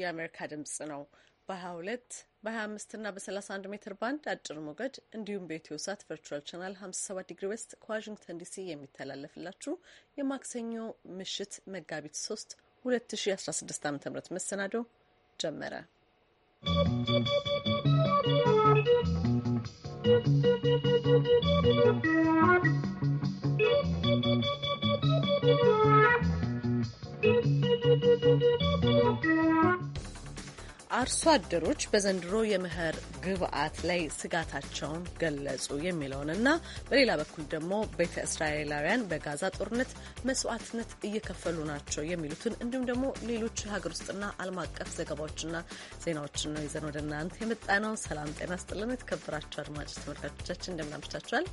የአሜሪካ ድምጽ ነው። በ22 በ25 እና በ31 ሜትር ባንድ አጭር ሞገድ እንዲሁም በኢትዮ ሳት ቨርቹዋል ቻናል 57 ዲግሪ ዌስት ከዋሽንግተን ዲሲ የሚተላለፍላችሁ የማክሰኞ ምሽት መጋቢት 3 2016 ዓ ም መሰናዶ ጀመረ። አርሶ አደሮች በዘንድሮ የመኸር ግብዓት ላይ ስጋታቸውን ገለጹ የሚለውንና በሌላ በኩል ደግሞ ቤተ እስራኤላውያን በጋዛ ጦርነት መስዋዕትነት እየከፈሉ ናቸው የሚሉትን እንዲሁም ደግሞ ሌሎች ሀገር ውስጥና ዓለም አቀፍ ዘገባዎችና ዜናዎችን ነው ይዘን ወደ እናንተ የመጣ ነው። ሰላም ጤና ስጥልን። የተከበራቸው አድማጭ ተመልካቾቻችን እንደምን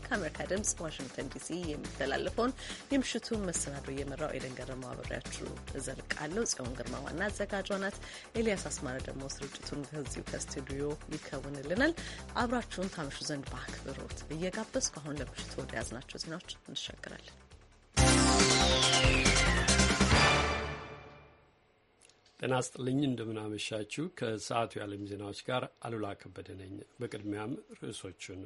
ከአሜሪካ ድምጽ ዋሽንግተን ዲሲ የሚተላለፈውን የምሽቱ መሰናዶ እየመራው ኤደን ገረማ አብሬያችሁ እዘልቃለሁ። ጽዮን ግርማ ዋና አዘጋጇ ናት። ኤልያስ አስማረ ደግሞ ስርጭቱን ከዚሁ ከስቱዲዮ ይከውንልናል። አብራችሁን ታመሹ ዘንድ በአክብሮት እየጋበዝኩ አሁን ለምሽቱ ወደ ያዝናቸው ዜናዎች እንሻገራለን። ጤና ስጥልኝ እንደምናመሻችሁ። ከሰዓቱ የዓለም ዜናዎች ጋር አሉላ ከበደ ነኝ። በቅድሚያም ርዕሶቹን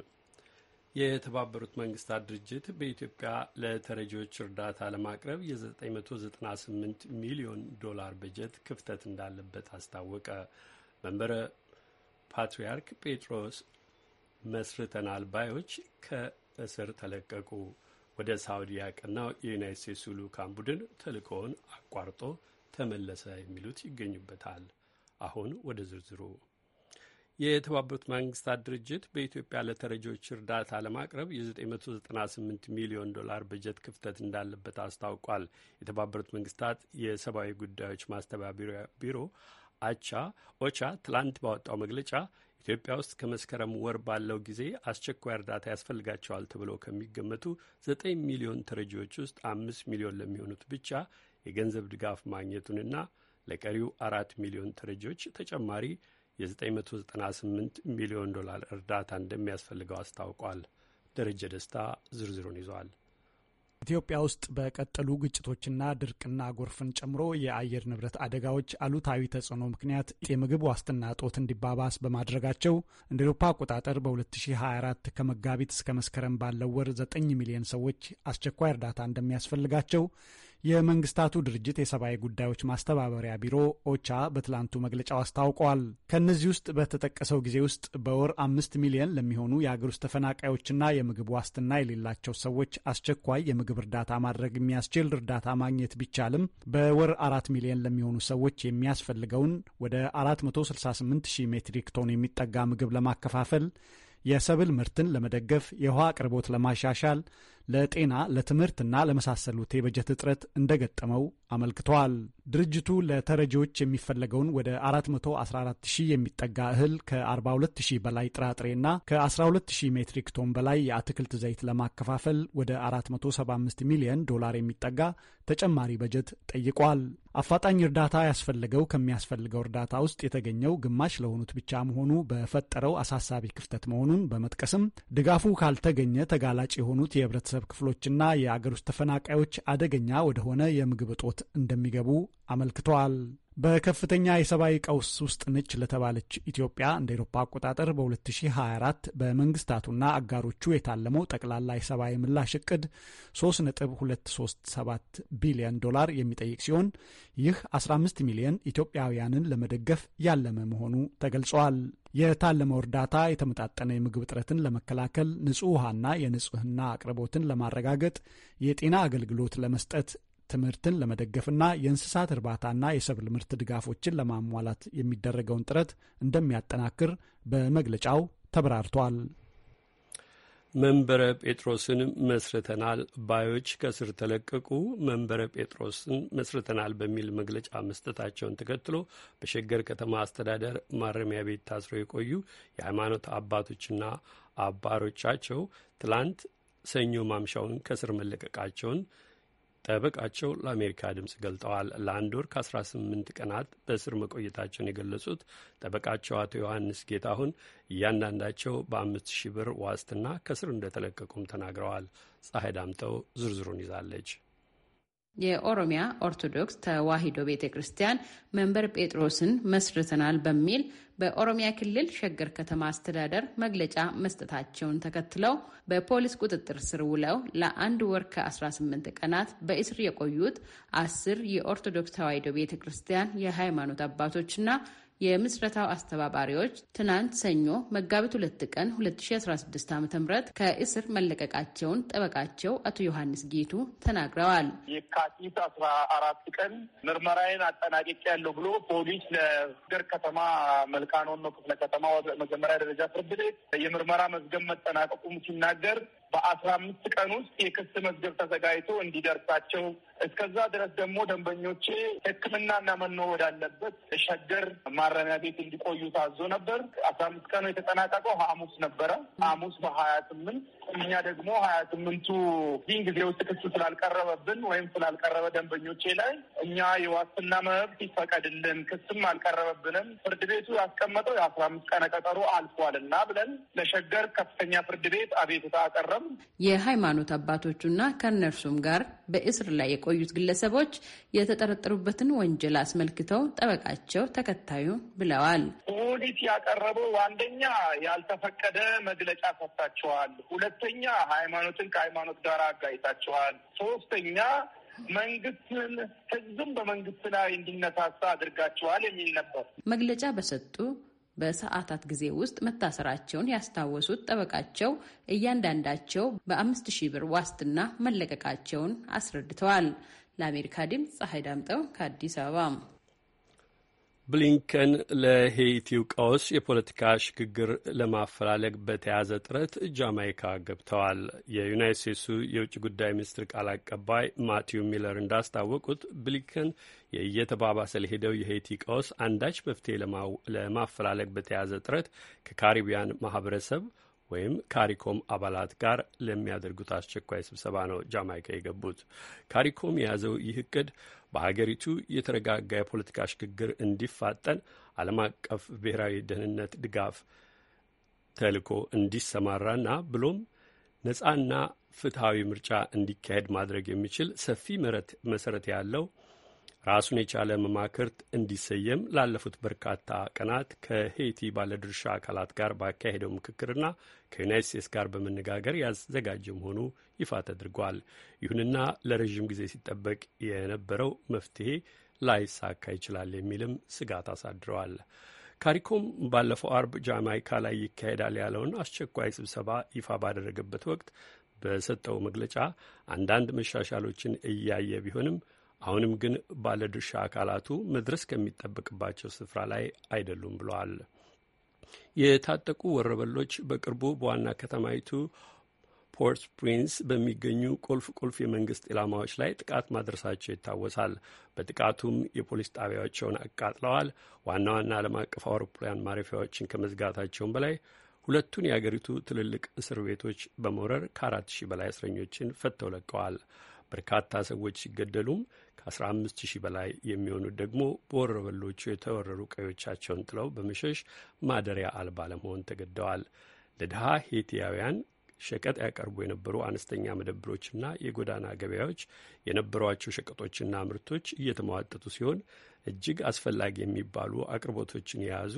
የተባበሩት መንግስታት ድርጅት በኢትዮጵያ ለተረጂዎች እርዳታ ለማቅረብ የ998 ሚሊዮን ዶላር በጀት ክፍተት እንዳለበት አስታወቀ። መንበረ ፓትርያርክ ጴጥሮስ መስርተናል ባዮች ከእስር ተለቀቁ። ወደ ሳውዲ ያቀናው የዩናይት ስቴትሱ ልዑካን ቡድን ተልእኮውን አቋርጦ ተመለሰ የሚሉት ይገኙበታል። አሁን ወደ ዝርዝሩ። የተባበሩት መንግስታት ድርጅት በኢትዮጵያ ለተረጂዎች እርዳታ ለማቅረብ የ998 ሚሊዮን ዶላር በጀት ክፍተት እንዳለበት አስታውቋል። የተባበሩት መንግስታት የሰብአዊ ጉዳዮች ማስተባበሪያ ቢሮ አቻ ኦቻ ትላንት ባወጣው መግለጫ ኢትዮጵያ ውስጥ ከመስከረም ወር ባለው ጊዜ አስቸኳይ እርዳታ ያስፈልጋቸዋል ተብሎ ከሚገመቱ ዘጠኝ ሚሊዮን ተረጂዎች ውስጥ አምስት ሚሊዮን ለሚሆኑት ብቻ የገንዘብ ድጋፍ ማግኘቱንና ለቀሪው አራት ሚሊዮን ተረጂዎች ተጨማሪ የ998 ሚሊዮን ዶላር እርዳታ እንደሚያስፈልገው አስታውቋል። ደረጀ ደስታ ዝርዝሩን ይዟል። ኢትዮጵያ ውስጥ በቀጠሉ ግጭቶችና ድርቅና ጎርፍን ጨምሮ የአየር ንብረት አደጋዎች አሉታዊ ተጽዕኖ ምክንያት የምግብ ዋስትና እጦት እንዲባባስ በማድረጋቸው እንደ አውሮፓ አቆጣጠር በ2024 ከመጋቢት እስከ መስከረም ባለው ወር 9 ሚሊዮን ሰዎች አስቸኳይ እርዳታ እንደሚያስፈልጋቸው የመንግስታቱ ድርጅት የሰብአዊ ጉዳዮች ማስተባበሪያ ቢሮ ኦቻ በትላንቱ መግለጫው አስታውቋል። ከእነዚህ ውስጥ በተጠቀሰው ጊዜ ውስጥ በወር አምስት ሚሊየን ለሚሆኑ የአገር ውስጥ ተፈናቃዮችና የምግብ ዋስትና የሌላቸው ሰዎች አስቸኳይ የምግብ እርዳታ ማድረግ የሚያስችል እርዳታ ማግኘት ቢቻልም በወር አራት ሚሊየን ለሚሆኑ ሰዎች የሚያስፈልገውን ወደ 468 ሺህ ሜትሪክ ቶን የሚጠጋ ምግብ ለማከፋፈል የሰብል ምርትን ለመደገፍ፣ የውሃ አቅርቦት ለማሻሻል ለጤና ለትምህርትና ለመሳሰሉት የበጀት እጥረት እንደገጠመው አመልክተዋል። ድርጅቱ ለተረጂዎች የሚፈለገውን ወደ 414000 ሺህ የሚጠጋ እህል ከ42 ሺህ በላይ ጥራጥሬና ከ12 ሜትሪክ ቶን በላይ የአትክልት ዘይት ለማከፋፈል ወደ 475 ሚሊዮን ዶላር የሚጠጋ ተጨማሪ በጀት ጠይቋል። አፋጣኝ እርዳታ ያስፈልገው ከሚያስፈልገው እርዳታ ውስጥ የተገኘው ግማሽ ለሆኑት ብቻ መሆኑ በፈጠረው አሳሳቢ ክፍተት መሆኑን በመጥቀስም ድጋፉ ካልተገኘ ተጋላጭ የሆኑት የህብረተሰብ የህብረተሰብ ክፍሎችና የአገር ውስጥ ተፈናቃዮች አደገኛ ወደሆነ የምግብ እጦት እንደሚገቡ አመልክተዋል። በከፍተኛ የሰብአዊ ቀውስ ውስጥ ነች ለተባለች ኢትዮጵያ እንደ ኤሮፓ አቆጣጠር በ2024 በመንግስታቱና አጋሮቹ የታለመው ጠቅላላ የሰብአዊ ምላሽ እቅድ 3.237 ቢሊዮን ዶላር የሚጠይቅ ሲሆን ይህ 15 ሚሊዮን ኢትዮጵያውያንን ለመደገፍ ያለመ መሆኑ ተገልጿል። የታለመው እርዳታ የተመጣጠነ የምግብ እጥረትን ለመከላከል፣ ንጹህ ውሃና የንጽህና አቅርቦትን ለማረጋገጥ፣ የጤና አገልግሎት ለመስጠት፣ ትምህርትን ለመደገፍና የእንስሳት እርባታና የሰብል ምርት ድጋፎችን ለማሟላት የሚደረገውን ጥረት እንደሚያጠናክር በመግለጫው ተብራርቷል። መንበረ ጴጥሮስን መስርተናል ባዮች ከስር ተለቀቁ። መንበረ ጴጥሮስን መስርተናል በሚል መግለጫ መስጠታቸውን ተከትሎ በሸገር ከተማ አስተዳደር ማረሚያ ቤት ታስረው የቆዩ የሃይማኖት አባቶችና አባሮቻቸው ትላንት ሰኞ ማምሻውን ከስር መለቀቃቸውን ጠበቃቸው ለአሜሪካ ድምፅ ገልጠዋል። ለአንድ ወር ከ18 ቀናት በእስር መቆየታቸውን የገለጹት ጠበቃቸው አቶ ዮሐንስ ጌታሁን እያንዳንዳቸው በአምስት ሺህ ብር ዋስትና ከስር እንደተለቀቁም ተናግረዋል። ፀሐይ ዳምጠው ዝርዝሩን ይዛለች። የኦሮሚያ ኦርቶዶክስ ተዋሂዶ ቤተ ክርስቲያን መንበር ጴጥሮስን መስርተናል በሚል በኦሮሚያ ክልል ሸገር ከተማ አስተዳደር መግለጫ መስጠታቸውን ተከትለው በፖሊስ ቁጥጥር ስር ውለው ለአንድ ወር ከ18 ቀናት በእስር የቆዩት አስር የኦርቶዶክስ ተዋሂዶ ቤተ ክርስቲያን የሃይማኖት አባቶችና የምስረታው አስተባባሪዎች ትናንት ሰኞ መጋቢት ሁለት ቀን 2016 ዓ ም ከእስር መለቀቃቸውን ጠበቃቸው አቶ ዮሐንስ ጌቱ ተናግረዋል። የካቲት አስራ አራት ቀን ምርመራዬን አጠናቅቄያለሁ ብሎ ፖሊስ ለገር ከተማ ነው ክፍለ ከተማ መጀመሪያ ደረጃ ፍርድ ቤት የምርመራ መዝገብ መጠናቀቁም ሲናገር በአስራ አምስት ቀን ውስጥ የክስ መዝገብ ተዘጋጅቶ እንዲደርሳቸው እስከዛ ድረስ ደግሞ ደንበኞቼ ሕክምናና መኖ ወዳለበት ሸገር ማረሚያ ቤት እንዲቆዩ ታዞ ነበር። አስራ አምስት ቀኑ የተጠናቀቀው ሐሙስ ነበረ። ሐሙስ በሀያ ስምንት እኛ ደግሞ ሀያ ስምንቱ ዚህን ጊዜ ውስጥ ክስ ስላልቀረበብን ወይም ስላልቀረበ ደንበኞቼ ላይ እኛ የዋስትና መብት ይፈቀድልን፣ ክስም አልቀረበብንም፣ ፍርድ ቤቱ ያስቀመጠው የአስራ አምስት ቀነ ቀጠሮ አልፏልና ብለን ለሸገር ከፍተኛ ፍርድ ቤት አቤቱታ አቀረም። የሃይማኖት አባቶቹና ከእነርሱም ጋር በእስር ላይ የቆዩት ግለሰቦች የተጠረጠሩበትን ወንጀል አስመልክተው ጠበቃቸው ተከታዩ ብለዋል። ኦዲት ያቀረበው አንደኛ ያልተፈቀደ መግለጫ ሰጥታችኋል፣ ሁለተኛ ሃይማኖትን ከሃይማኖት ጋር አጋይታችኋል፣ ሶስተኛ መንግስትን ህዝብን በመንግስት ላይ እንዲነሳሳ አድርጋችኋል የሚል ነበር። መግለጫ በሰጡ በሰዓታት ጊዜ ውስጥ መታሰራቸውን ያስታወሱት ጠበቃቸው እያንዳንዳቸው በአምስት ሺህ ብር ዋስትና መለቀቃቸውን አስረድተዋል። ለአሜሪካ ድምፅ ፀሐይ ዳምጠው ከአዲስ አበባ ብሊንከን ለሄይቲው ቀውስ የፖለቲካ ሽግግር ለማፈላለግ በተያዘ ጥረት ጃማይካ ገብተዋል። የዩናይት ስቴትሱ የውጭ ጉዳይ ሚኒስትር ቃል አቀባይ ማቲው ሚለር እንዳስታወቁት ብሊንከን እየተባባሰ ለሄደው የሄይቲ ቀውስ አንዳች መፍትሄ ለማፈላለግ በተያዘ ጥረት ከካሪቢያን ማህበረሰብ ወይም ካሪኮም አባላት ጋር ለሚያደርጉት አስቸኳይ ስብሰባ ነው ጃማይካ የገቡት። ካሪኮም የያዘው ይህ እቅድ በሀገሪቱ የተረጋጋ የፖለቲካ ሽግግር እንዲፋጠን ዓለም አቀፍ ብሔራዊ ደህንነት ድጋፍ ተልኮ እንዲሰማራና ብሎም ነጻና ፍትሐዊ ምርጫ እንዲካሄድ ማድረግ የሚችል ሰፊ መሰረት ያለው ራሱን የቻለ መማክርት እንዲሰየም ላለፉት በርካታ ቀናት ከሄይቲ ባለድርሻ አካላት ጋር ባካሄደው ምክክርና ከዩናይት ስቴትስ ጋር በመነጋገር ያዘጋጀ መሆኑ ይፋ ተደርጓል። ይሁንና ለረዥም ጊዜ ሲጠበቅ የነበረው መፍትሄ ላይሳካ ይችላል የሚልም ስጋት አሳድረዋል። ካሪኮም ባለፈው አርብ ጃማይካ ላይ ይካሄዳል ያለውን አስቸኳይ ስብሰባ ይፋ ባደረገበት ወቅት በሰጠው መግለጫ አንዳንድ መሻሻሎችን እያየ ቢሆንም አሁንም ግን ባለድርሻ አካላቱ መድረስ ከሚጠበቅባቸው ስፍራ ላይ አይደሉም ብለዋል። የታጠቁ ወረበሎች በቅርቡ በዋና ከተማይቱ ፖርት ፕሪንስ በሚገኙ ቁልፍ ቁልፍ የመንግስት ኢላማዎች ላይ ጥቃት ማድረሳቸው ይታወሳል። በጥቃቱም የፖሊስ ጣቢያዎቸውን አቃጥለዋል። ዋና ዋና ዓለም አቀፍ አውሮፕላን ማረፊያዎችን ከመዝጋታቸውም በላይ ሁለቱን የአገሪቱ ትልልቅ እስር ቤቶች በመውረር ከአራት ሺህ በላይ እስረኞችን ፈተው ለቀዋል። በርካታ ሰዎች ሲገደሉም ከ15 ሺህ በላይ የሚሆኑት ደግሞ በወረበሎቹ የተወረሩ ቀዮቻቸውን ጥለው በመሸሽ ማደሪያ አልባ ለመሆን ተገደዋል። ለድሃ ሄቲያውያን ሸቀጥ ያቀርቡ የነበሩ አነስተኛ መደብሮችና የጎዳና ገበያዎች የነበሯቸው ሸቀጦችና ምርቶች እየተሟጠጡ ሲሆን እጅግ አስፈላጊ የሚባሉ አቅርቦቶችን የያዙ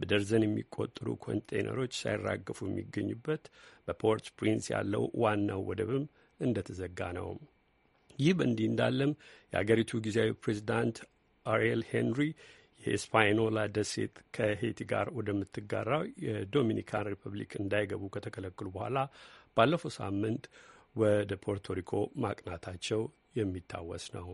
በደርዘን የሚቆጠሩ ኮንቴይነሮች ሳይራገፉ የሚገኙበት በፖርት ፕሪንስ ያለው ዋናው ወደብም እንደተዘጋ ነው። ይህ በእንዲህ እንዳለም የአገሪቱ ጊዜያዊ ፕሬዚዳንት አሪኤል ሄንሪ የስፓይኖላ ደሴት ከሄቲ ጋር ወደምትጋራው የዶሚኒካን ሪፐብሊክ እንዳይገቡ ከተከለከሉ በኋላ ባለፈው ሳምንት ወደ ፖርቶሪኮ ማቅናታቸው የሚታወስ ነው።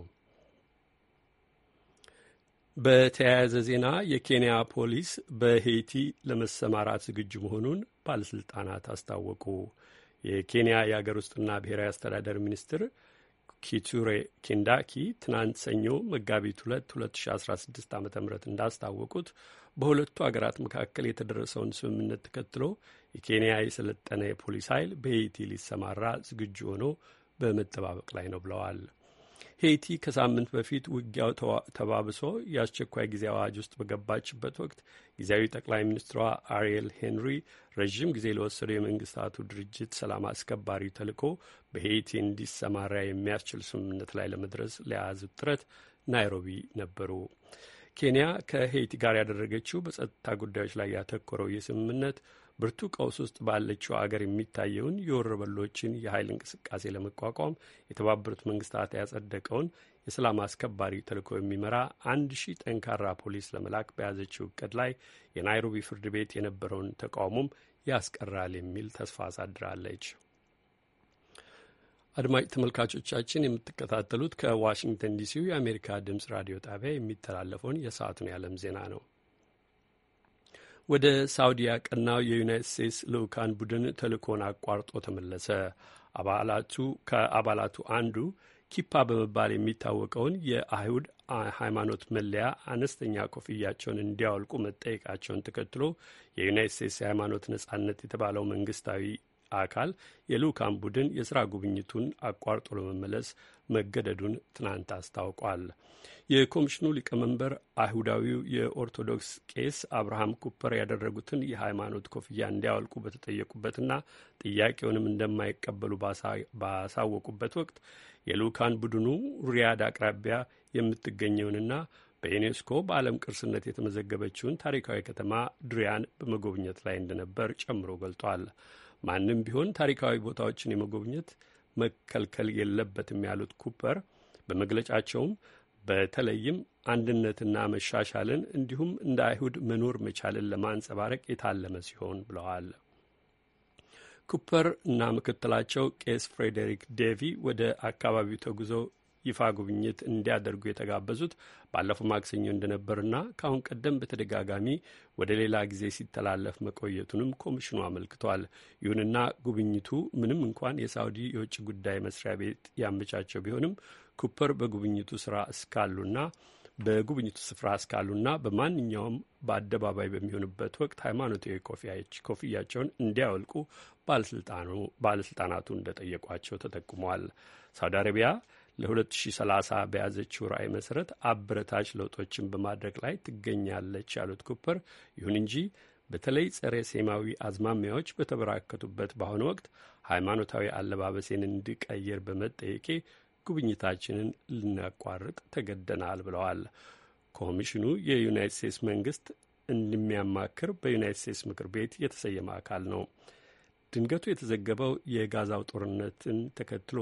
በተያያዘ ዜና የኬንያ ፖሊስ በሄይቲ ለመሰማራት ዝግጁ መሆኑን ባለስልጣናት አስታወቁ። የኬንያ የአገር ውስጥና ብሔራዊ አስተዳደር ሚኒስትር ኪቱሬ ኬንዳኪ ትናንት ሰኞ መጋቢት 2 2016 ዓ ም እንዳስታወቁት በሁለቱ አገራት መካከል የተደረሰውን ስምምነት ተከትሎ የኬንያ የሰለጠነ የፖሊስ ኃይል በሄይቲ ሊሰማራ ዝግጁ ሆኖ በመጠባበቅ ላይ ነው ብለዋል። ሄይቲ ከሳምንት በፊት ውጊያው ተባብሶ የአስቸኳይ ጊዜ አዋጅ ውስጥ በገባችበት ወቅት ጊዜያዊ ጠቅላይ ሚኒስትሯ አሪኤል ሄንሪ ረዥም ጊዜ ለወሰደው የመንግስታቱ ድርጅት ሰላም አስከባሪ ተልኮ በሄይቲ እንዲሰማራ የሚያስችል ስምምነት ላይ ለመድረስ ለያዙት ጥረት ናይሮቢ ነበሩ። ኬንያ ከሄይቲ ጋር ያደረገችው በጸጥታ ጉዳዮች ላይ ያተኮረው የስምምነት ብርቱ ቀውስ ውስጥ ባለችው አገር የሚታየውን የወረበሎችን የኃይል እንቅስቃሴ ለመቋቋም የተባበሩት መንግስታት ያጸደቀውን የሰላም አስከባሪ ተልኮ የሚመራ አንድ ሺህ ጠንካራ ፖሊስ ለመላክ በያዘችው እቅድ ላይ የናይሮቢ ፍርድ ቤት የነበረውን ተቃውሞም ያስቀራል የሚል ተስፋ አሳድራለች። አድማጭ ተመልካቾቻችን የምትከታተሉት ከዋሽንግተን ዲሲው የአሜሪካ ድምፅ ራዲዮ ጣቢያ የሚተላለፈውን የሰዓቱን የዓለም ዜና ነው። ወደ ሳውዲ ያቀናው የዩናይትድ ስቴትስ ልዑካን ቡድን ተልእኮን አቋርጦ ተመለሰ። አባላቱ ከአባላቱ አንዱ ኪፓ በመባል የሚታወቀውን የአይሁድ ሃይማኖት መለያ አነስተኛ ኮፍያቸውን እንዲያወልቁ መጠየቃቸውን ተከትሎ የዩናይት ስቴትስ የሃይማኖት ነጻነት የተባለው መንግስታዊ አካል የልዑካን ቡድን የስራ ጉብኝቱን አቋርጦ ለመመለስ መገደዱን ትናንት አስታውቋል። የኮሚሽኑ ሊቀመንበር አይሁዳዊው የኦርቶዶክስ ቄስ አብርሃም ኩፐር ያደረጉትን የሃይማኖት ኮፍያ እንዲያወልቁ በተጠየቁበትና ጥያቄውንም እንደማይቀበሉ ባሳወቁበት ወቅት የልዑካን ቡድኑ ሪያድ አቅራቢያ የምትገኘውንና በዩኔስኮ በዓለም ቅርስነት የተመዘገበችውን ታሪካዊ ከተማ ድሪያን በመጎብኘት ላይ እንደነበር ጨምሮ ገልጧል። ማንም ቢሆን ታሪካዊ ቦታዎችን የመጎብኘት መከልከል የለበትም ያሉት ኩፐር በመግለጫቸውም በተለይም አንድነትና መሻሻልን እንዲሁም እንደ አይሁድ መኖር መቻልን ለማንጸባረቅ የታለመ ሲሆን ብለዋል። ኩፐር እና ምክትላቸው ቄስ ፍሬዴሪክ ዴቪ ወደ አካባቢው ተጉዘው ይፋ ጉብኝት እንዲያደርጉ የተጋበዙት ባለፈው ማክሰኞ እንደነበርና ከአሁን ቀደም በተደጋጋሚ ወደ ሌላ ጊዜ ሲተላለፍ መቆየቱንም ኮሚሽኑ አመልክቷል። ይሁንና ጉብኝቱ ምንም እንኳን የሳውዲ የውጭ ጉዳይ መስሪያ ቤት ያመቻቸው ቢሆንም ኩፐር በጉብኝቱ ስራ እስካሉና በጉብኝቱ ስፍራ እስካሉና በማንኛውም በአደባባይ በሚሆንበት ወቅት ሃይማኖታዊ ኮፍያቸውን እንዲያወልቁ ባለስልጣናቱ እንደጠየቋቸው ተጠቁመዋል። ሳውዲ አረቢያ ለ2030 በያዘችው ራዕይ መሰረት አበረታች ለውጦችን በማድረግ ላይ ትገኛለች ያሉት ኩፐር፣ ይሁን እንጂ በተለይ ጸረ ሴማዊ አዝማሚያዎች በተበራከቱበት በአሁኑ ወቅት ሃይማኖታዊ አለባበሴን እንዲቀይር በመጠየቄ ጉብኝታችንን ልናቋርጥ ተገደናል ብለዋል። ኮሚሽኑ የዩናይት ስቴትስ መንግስት እንደሚያማክር በዩናይት ስቴትስ ምክር ቤት የተሰየመ አካል ነው። ድንገቱ የተዘገበው የጋዛው ጦርነትን ተከትሎ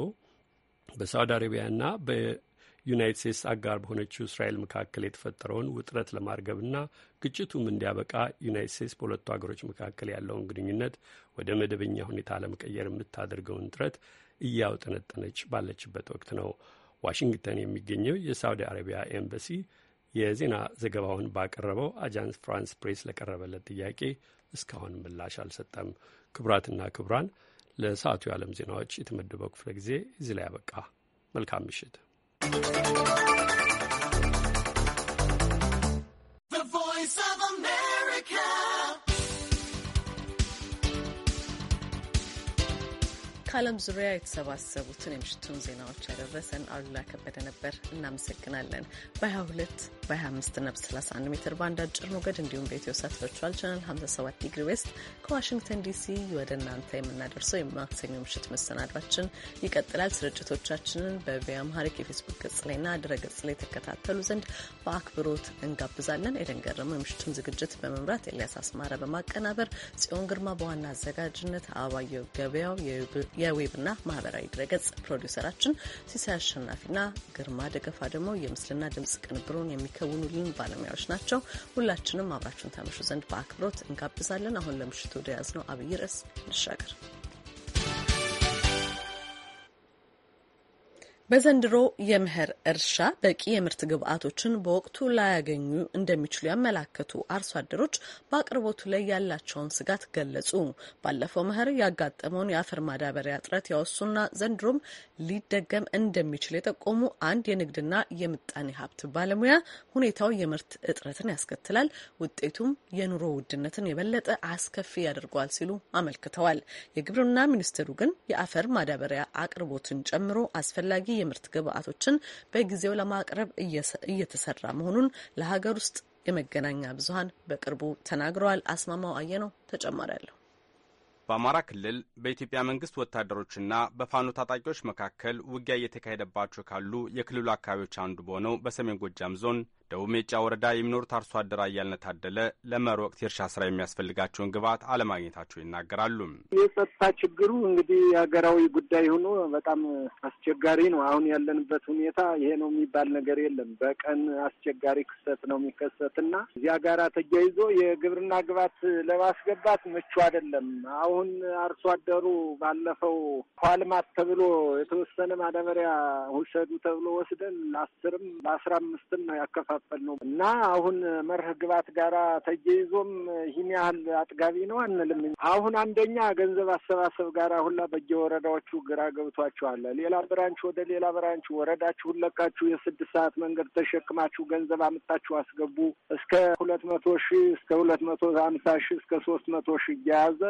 በሳውዲ አረቢያና በዩናይት ስቴትስ አጋር በሆነችው እስራኤል መካከል የተፈጠረውን ውጥረት ለማርገብና ግጭቱም እንዲያበቃ ዩናይት ስቴትስ በሁለቱ ሀገሮች መካከል ያለውን ግንኙነት ወደ መደበኛ ሁኔታ ለመቀየር የምታደርገውን ጥረት እያውጠነጠነች ባለችበት ወቅት ነው። ዋሽንግተን የሚገኘው የሳውዲ አረቢያ ኤምባሲ የዜና ዘገባውን ባቀረበው አጃንስ ፍራንስ ፕሬስ ለቀረበለት ጥያቄ እስካሁን ምላሽ አልሰጠም። ክቡራትና ክቡራን ለሰዓቱ የዓለም ዜናዎች የተመደበው ክፍለ ጊዜ እዚህ ላይ ያበቃ። መልካም ምሽት። ከዓለም ዙሪያ የተሰባሰቡትን የምሽቱን ዜናዎች ያደረሰን አሉላ ከበደ ነበር። እናመሰግናለን። በ22 በ25 ነብስ 31 ሜትር ባንድ አጭር ሞገድ እንዲሁም በኢትዮ ሳት ቨርቹዋል ቻናል 57 ዲግሪ ዌስት ከዋሽንግተን ዲሲ ወደ እናንተ የምናደርሰው የማክሰኞ ምሽት መሰናዷችን ይቀጥላል። ስርጭቶቻችንን በቪኦኤ አምሃሪክ የፌስቡክ ገጽ ላይና ድረ ገጽ ላይ ተከታተሉ ዘንድ በአክብሮት እንጋብዛለን። ኤደን ገረመው የምሽቱን ዝግጅት በመምራት ኤልያስ አስማረ በማቀናበር ጽዮን ግርማ በዋና አዘጋጅነት አበባየው ገበያው የዌብና ማህበራዊ ድረገጽ ፕሮዲውሰራችን ሲሳይ አሸናፊና ግርማ ደገፋ ደግሞ የምስልና ድምጽ ቅንብሩን የሚከውኑልን ባለሙያዎች ናቸው። ሁላችንም አብራችሁን ታመሹ ዘንድ በአክብሮት እንጋብዛለን። አሁን ለምሽቱ ወደ ያዝነው አብይ ርዕስ እንሻገር። በዘንድሮ የምህር እርሻ በቂ የምርት ግብዓቶችን በወቅቱ ላያገኙ እንደሚችሉ ያመላከቱ አርሶ አደሮች በአቅርቦቱ ላይ ያላቸውን ስጋት ገለጹ። ባለፈው መኸር ያጋጠመውን የአፈር ማዳበሪያ እጥረት ያወሱና ዘንድሮም ሊደገም እንደሚችል የጠቆሙ አንድ የንግድና የምጣኔ ሀብት ባለሙያ ሁኔታው የምርት እጥረትን ያስከትላል፣ ውጤቱም የኑሮ ውድነትን የበለጠ አስከፊ ያደርገዋል ሲሉ አመልክተዋል። የግብርና ሚኒስቴሩ ግን የአፈር ማዳበሪያ አቅርቦትን ጨምሮ አስፈላጊ የምርት ግብአቶችን በጊዜው ለማቅረብ እየተሰራ መሆኑን ለሀገር ውስጥ የመገናኛ ብዙሀን በቅርቡ ተናግረዋል። አስማማው አየነው ተጨማሪ አለሁ። በአማራ ክልል በኢትዮጵያ መንግስት ወታደሮችና በፋኖ ታጣቂዎች መካከል ውጊያ እየተካሄደባቸው ካሉ የክልሉ አካባቢዎች አንዱ በሆነው በሰሜን ጎጃም ዞን ደቡብ ሜጫ ወረዳ የሚኖሩት አርሶ አደር አያልነ ታደለ ለመኸር ወቅት የእርሻ ስራ የሚያስፈልጋቸውን ግብዓት አለማግኘታቸው ይናገራሉ። የጸጥታ ችግሩ እንግዲህ የሀገራዊ ጉዳይ ሆኖ በጣም አስቸጋሪ ነው። አሁን ያለንበት ሁኔታ ይሄ ነው የሚባል ነገር የለም። በቀን አስቸጋሪ ክስተት ነው የሚከሰት እዚያ ጋራ ተያይዞ የግብርና ግብዓት ለማስገባት ምቹ አይደለም። አሁን አርሶ አደሩ ባለፈው ኳልማት ተብሎ የተወሰነ ማዳበሪያ ውሰዱ ተብሎ ወስደን ለአስርም ለአስራ አምስትም ነው ያከፋ የሚከፋፈል ነው እና አሁን መርህ ግባት ጋራ ተያይዞም ይህን ያህል አጥጋቢ ነው አንልም። አሁን አንደኛ ገንዘብ አሰባሰብ ጋር ሁላ በየወረዳዎቹ ግራ ገብቷችኋል። ሌላ ብራንች ወደ ሌላ ብራንች ወረዳችሁን ለቃችሁ የስድስት ሰዓት መንገድ ተሸክማችሁ ገንዘብ አምጣችሁ አስገቡ እስከ ሁለት መቶ ሺህ እስከ ሁለት መቶ ሀምሳ ሺህ እስከ ሶስት መቶ ሺህ እያያዘ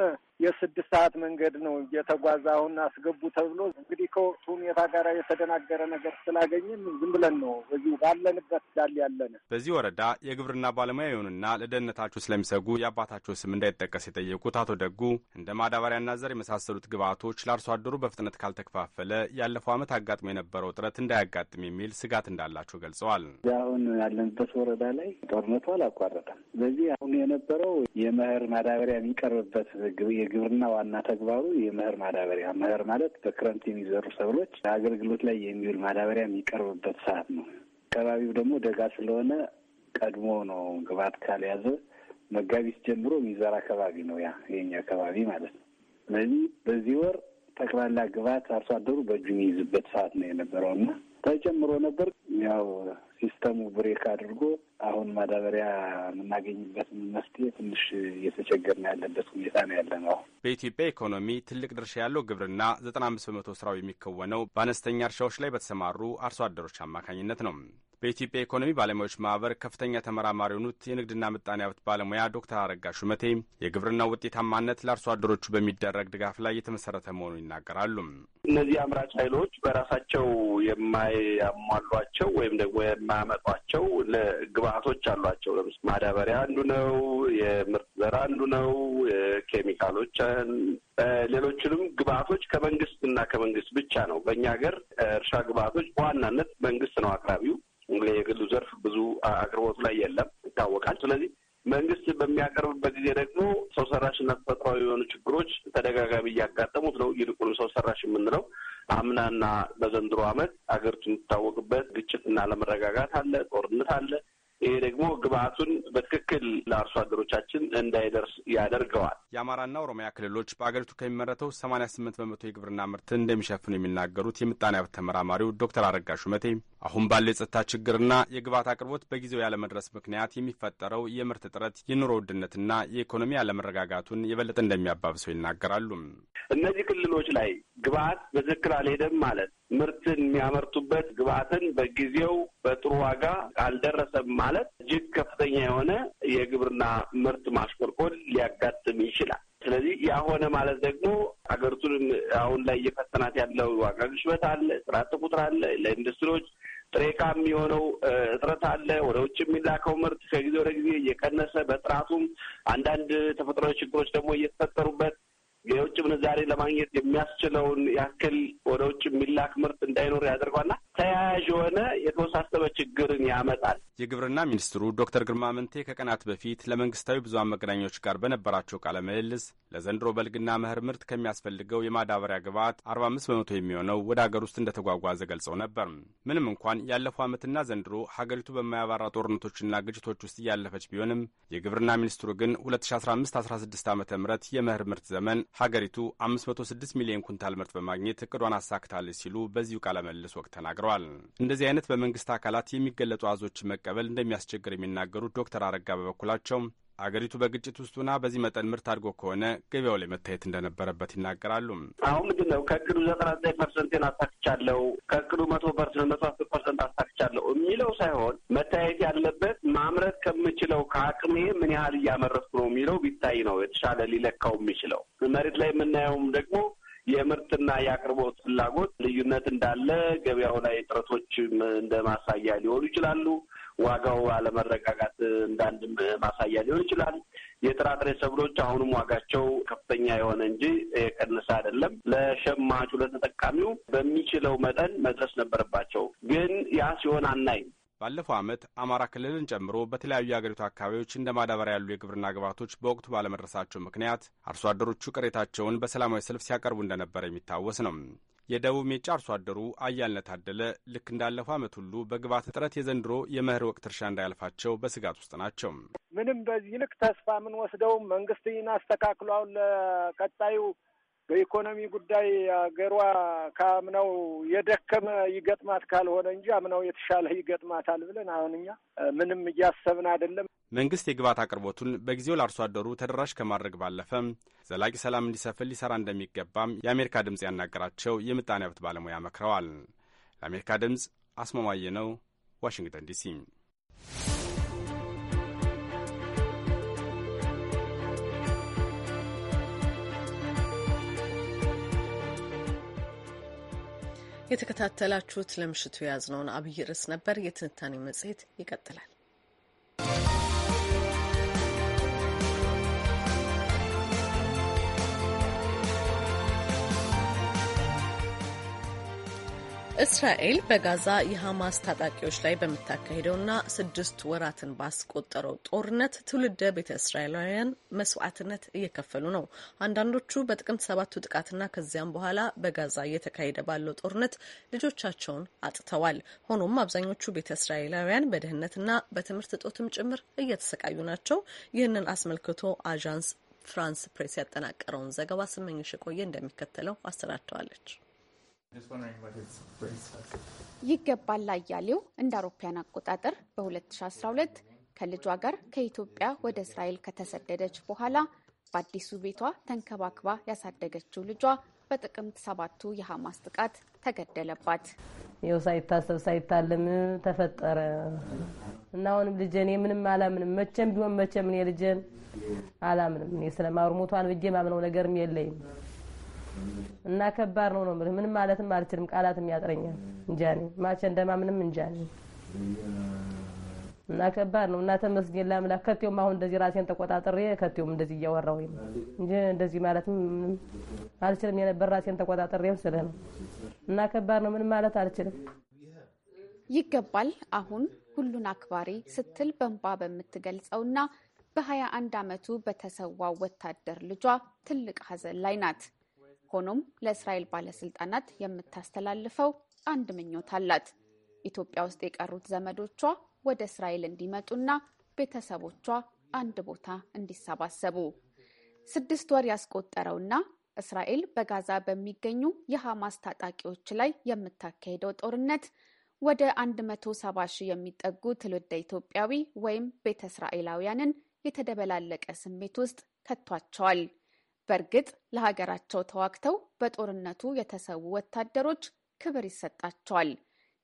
የስድስት ሰዓት መንገድ ነው እየተጓዘ አሁን አስገቡ ተብሎ እንግዲህ ከወቅቱ ሁኔታ ጋር የተደናገረ ነገር ስላገኘን ዝም ብለን ነው በዚሁ ባለንበት ዳል ያለን። በዚህ ወረዳ የግብርና ባለሙያ የሆኑና ለደህንነታቸው ስለሚሰጉ የአባታቸው ስም እንዳይጠቀስ የጠየቁት አቶ ደጉ እንደ ማዳበሪያና ዘር የመሳሰሉት ግብዓቶች ለአርሶ አደሩ በፍጥነት ካልተከፋፈለ ያለፈው ዓመት አጋጥሞ የነበረው እጥረት እንዳያጋጥም የሚል ስጋት እንዳላቸው ገልጸዋል። አሁን ያለንበት ወረዳ ላይ ጦርነቱ አላቋረጠም። በዚህ አሁን የነበረው የመኸር ማዳበሪያ የሚቀርብበት የግብርና ዋና ተግባሩ የመኸር ማዳበሪያ፣ መኸር ማለት በክረምት የሚዘሩ ሰብሎች አገልግሎት ላይ የሚውል ማዳበሪያ የሚቀርብበት ሰዓት ነው። አካባቢው ደግሞ ደጋ ስለሆነ ቀድሞ ነው ግባት ካልያዘ መጋቢት ጀምሮ የሚዘራ አካባቢ ነው ያ የኛ አካባቢ ማለት ነው። ስለዚህ በዚህ ወር ጠቅላላ ግባት አርሶ አደሩ በእጁ የሚይዝበት ሰዓት ነው የነበረው እና ተጨምሮ ነበር ያው ሲስተሙ ብሬክ አድርጎ አሁን ማዳበሪያ የምናገኝበትን መፍትሄ ትንሽ እየተቸገርን ያለበት ሁኔታ ነው ያለ ነው። በኢትዮጵያ ኢኮኖሚ ትልቅ ድርሻ ያለው ግብርና ዘጠና አምስት በመቶ ስራው የሚከወነው በአነስተኛ እርሻዎች ላይ በተሰማሩ አርሶ አደሮች አማካኝነት ነው። በኢትዮጵያ ኢኮኖሚ ባለሙያዎች ማህበር ከፍተኛ ተመራማሪ የሆኑት የንግድና ምጣኔ ሀብት ባለሙያ ዶክተር አረጋ ሹመቴ የግብርናው ውጤታማነት ለአርሶ አደሮቹ በሚደረግ ድጋፍ ላይ የተመሰረተ መሆኑን ይናገራሉ። እነዚህ አምራች ኃይሎች በራሳቸው የማያሟሏቸው ወይም ደግሞ የማያመጧቸው ግብአቶች አሏቸው። ለምስ ማዳበሪያ አንዱ ነው፣ የምርት ዘር አንዱ ነው፣ ኬሚካሎች ሌሎችንም ግብአቶች ከመንግስት እና ከመንግስት ብቻ ነው። በእኛ ሀገር እርሻ ግብአቶች በዋናነት መንግስት ነው አቅራቢው። እንግዲህ የግሉ ዘርፍ ብዙ አቅርቦቱ ላይ የለም ይታወቃል። ስለዚህ መንግስት በሚያቀርብበት ጊዜ ደግሞ ሰው ሰራሽና ተፈጥሯዊ የሆኑ ችግሮች ተደጋጋሚ እያጋጠሙት ነው። ይልቁንም ሰው ሰራሽ የምንለው አምናና በዘንድሮ ዓመት አገሪቱ የምትታወቅበት ግጭትና አለመረጋጋት አለ፣ ጦርነት አለ። ይሄ ደግሞ ግብአቱን በትክክል ለአርሶ አደሮቻችን እንዳይደርስ ያደርገዋል። የአማራና ኦሮሚያ ክልሎች በአገሪቱ ከሚመረተው ሰማኒያ ስምንት በመቶ የግብርና ምርት እንደሚሸፍኑ የሚናገሩት የምጣኔ ሀብት ተመራማሪው ዶክተር አረጋ ሹመቴ አሁን ባለው የጸጥታ ችግርና የግብዓት አቅርቦት በጊዜው ያለመድረስ ምክንያት የሚፈጠረው የምርት እጥረት የኑሮ ውድነትና የኢኮኖሚ አለመረጋጋቱን የበለጠ እንደሚያባብሰው ይናገራሉ። እነዚህ ክልሎች ላይ ግብዓት በትክክል አልሄደም ማለት ምርትን የሚያመርቱበት ግብዓትን በጊዜው በጥሩ ዋጋ አልደረሰም ማለት እጅግ ከፍተኛ የሆነ የግብርና ምርት ማሽቆልቆል ሊያጋጥም ይችላል። ስለዚህ ያ ሆነ ማለት ደግሞ አገሪቱን አሁን ላይ እየፈተናት ያለው ዋጋ ግሽበት አለ፣ ስራ አጥ ቁጥር አለ፣ ለኢንዱስትሪዎች ጥሬ ዕቃ የሚሆነው እጥረት አለ። ወደ ውጭ የሚላከው ምርት ከጊዜ ወደ ጊዜ እየቀነሰ በጥራቱም አንዳንድ ተፈጥሯዊ ችግሮች ደግሞ እየተፈጠሩበት የውጭ ምንዛሬ ለማግኘት የሚያስችለውን ያክል ወደ ውጭ የሚላክ ምርት እንዳይኖር ያደርጓልና ተያያዥ የሆነ የተወሳሰበ ችግርን ያመጣል። የግብርና ሚኒስትሩ ዶክተር ግርማ መንቴ ከቀናት በፊት ለመንግስታዊ ብዙኃን መገናኛዎች ጋር በነበራቸው ቃለ ምልልስ ለዘንድሮ በልግና መኸር ምርት ከሚያስፈልገው የማዳበሪያ ግብዓት 45 በመቶ የሚሆነው ወደ ሀገር ውስጥ እንደተጓጓዘ ገልጸው ነበር። ምንም እንኳን ያለፈው ዓመትና ዘንድሮ ሀገሪቱ በማያባራ ጦርነቶችና ግጭቶች ውስጥ እያለፈች ቢሆንም የግብርና ሚኒስትሩ ግን 2015/16 ዓ ም የመኸር ምርት ዘመን ሀገሪቱ 506 ሚሊዮን ኩንታል ምርት በማግኘት እቅዷን አሳክታለች ሲሉ በዚሁ ቃለ ምልልስ ወቅት ተናግረዋል። እንደዚህ አይነት በመ መንግስት አካላት የሚገለጡ አሃዞችን መቀበል እንደሚያስቸግር የሚናገሩት ዶክተር አረጋ በበኩላቸው አገሪቱ በግጭት ውስጥ ሆና በዚህ መጠን ምርት አድጎ ከሆነ ገበያው ላይ መታየት እንደነበረበት ይናገራሉ። አሁን ምንድን ነው ከእቅዱ ዘጠና ዘጠኝ ፐርሰንትን አሳክቻለሁ፣ ከእቅዱ መቶ ፐርሰንት መቶ አስር ፐርሰንት አሳክቻለሁ የሚለው ሳይሆን መታየት ያለበት ማምረት ከምችለው ከአቅሜ ምን ያህል እያመረትኩ ነው የሚለው ቢታይ ነው የተሻለ ሊለካው የሚችለው። መሬት ላይ የምናየውም ደግሞ የምርትና የአቅርቦት ፍላጎት ልዩነት እንዳለ ገበያው ላይ እጥረቶችም እንደ ማሳያ ሊሆኑ ይችላሉ። ዋጋው አለመረጋጋት እንዳንድ ማሳያ ሊሆን ይችላል። የጥራጥሬ ሰብሎች አሁንም ዋጋቸው ከፍተኛ የሆነ እንጂ የቀነሰ አይደለም። ለሸማቹ ለተጠቃሚው በሚችለው መጠን መድረስ ነበረባቸው። ግን ያ ሲሆን አናይም። ባለፈው ዓመት አማራ ክልልን ጨምሮ በተለያዩ የአገሪቱ አካባቢዎች እንደ ማዳበሪያ ያሉ የግብርና ግብዓቶች በወቅቱ ባለመድረሳቸው ምክንያት አርሶ አደሮቹ ቅሬታቸውን በሰላማዊ ሰልፍ ሲያቀርቡ እንደነበረ የሚታወስ ነው። የደቡብ ሜጫ አርሶ አደሩ አያልነ ታደለ ልክ እንዳለፈው ዓመት ሁሉ በግብዓት እጥረት የዘንድሮ የመኸር ወቅት እርሻ እንዳያልፋቸው በስጋት ውስጥ ናቸው። ምንም በዚህ ልክ ተስፋ ምን ወስደው መንግስት ይህን አስተካክሎ አሁን ለቀጣዩ በኢኮኖሚ ጉዳይ አገሯ ከአምናው የደከመ ይገጥማት ካልሆነ እንጂ አምናው የተሻለ ይገጥማታል ብለን አሁን እኛ ምንም እያሰብን አይደለም። መንግስት የግብዓት አቅርቦቱን በጊዜው ለአርሶ አደሩ ተደራሽ ከማድረግ ባለፈ ዘላቂ ሰላም እንዲሰፍን ሊሰራ እንደሚገባም የአሜሪካ ድምፅ ያናገራቸው የምጣኔ ሀብት ባለሙያ መክረዋል። ለአሜሪካ ድምፅ አስማማየ ነው፣ ዋሽንግተን ዲሲ የተከታተላችሁት ለምሽቱ የያዝነውን አብይ ርዕስ ነበር። የትንታኔ መጽሔት ይቀጥላል። እስራኤል በጋዛ የሐማስ ታጣቂዎች ላይ በምታካሄደውና ስድስት ወራትን ባስቆጠረው ጦርነት ትውልደ ቤተ እስራኤላውያን መስዋዕትነት እየከፈሉ ነው። አንዳንዶቹ በጥቅምት ሰባቱ ጥቃትና ከዚያም በኋላ በጋዛ እየተካሄደ ባለው ጦርነት ልጆቻቸውን አጥተዋል። ሆኖም አብዛኞቹ ቤተ እስራኤላውያን በድህነትና በትምህርት እጦትም ጭምር እየተሰቃዩ ናቸው። ይህንን አስመልክቶ አዣንስ ፍራንስ ፕሬስ ያጠናቀረውን ዘገባ ስመኝሽ ቆየ እንደሚከተለው አሰናድተዋለች። ይገባል አያሌው እንደ አውሮፓያን አቆጣጠር በ2012 ከልጇ ጋር ከኢትዮጵያ ወደ እስራኤል ከተሰደደች በኋላ በአዲሱ ቤቷ ተንከባክባ ያሳደገችው ልጇ በጥቅምት ሰባቱ የሐማስ ጥቃት ተገደለባት። ይኸው ሳይታሰብ ሳይታለም ተፈጠረ እና አሁንም ልጄን ምንም አላምንም። መቼም ቢሆን መቼም እኔ ልጄን አላምንም። እኔ ስለማርሞቷን ብዬ ማምነው ነገርም የለኝም። እና ከባድ ነው ነው የምልህ። ምንም ማለትም አልችልም። ቃላትም ያጥረኛል። እንጃ ማቸ እንደማ ምንም እንጃ እና ከባድ ነው እና ተመስገን ለአምላክ። ከቴውም አሁን እንደዚህ ራሴን ተቆጣጥሬ ከቴውም እንደዚህ እያወራሁ እንጂ እንደዚህ ማለትም አልችልም የነበር ራሴን ተቆጣጥሬም ስለ ነው እና ከባድ ነው። ምንም ማለት አልችልም። ይገባል አሁን ሁሉን አክባሪ ስትል በእንባ በምትገልጸውና በሀያ አንድ ዓመቱ በተሰዋው ወታደር ልጇ ትልቅ ሀዘን ላይ ናት። ሆኖም ለእስራኤል ባለስልጣናት የምታስተላልፈው አንድ ምኞት አላት። ኢትዮጵያ ውስጥ የቀሩት ዘመዶቿ ወደ እስራኤል እንዲመጡና ቤተሰቦቿ አንድ ቦታ እንዲሰባሰቡ ስድስት ወር ያስቆጠረውና እስራኤል በጋዛ በሚገኙ የሐማስ ታጣቂዎች ላይ የምታካሄደው ጦርነት ወደ 170 ሺህ የሚጠጉ ትውልደ ኢትዮጵያዊ ወይም ቤተ እስራኤላውያንን የተደበላለቀ ስሜት ውስጥ ከቷቸዋል። በእርግጥ ለሀገራቸው ተዋግተው በጦርነቱ የተሰዉ ወታደሮች ክብር ይሰጣቸዋል።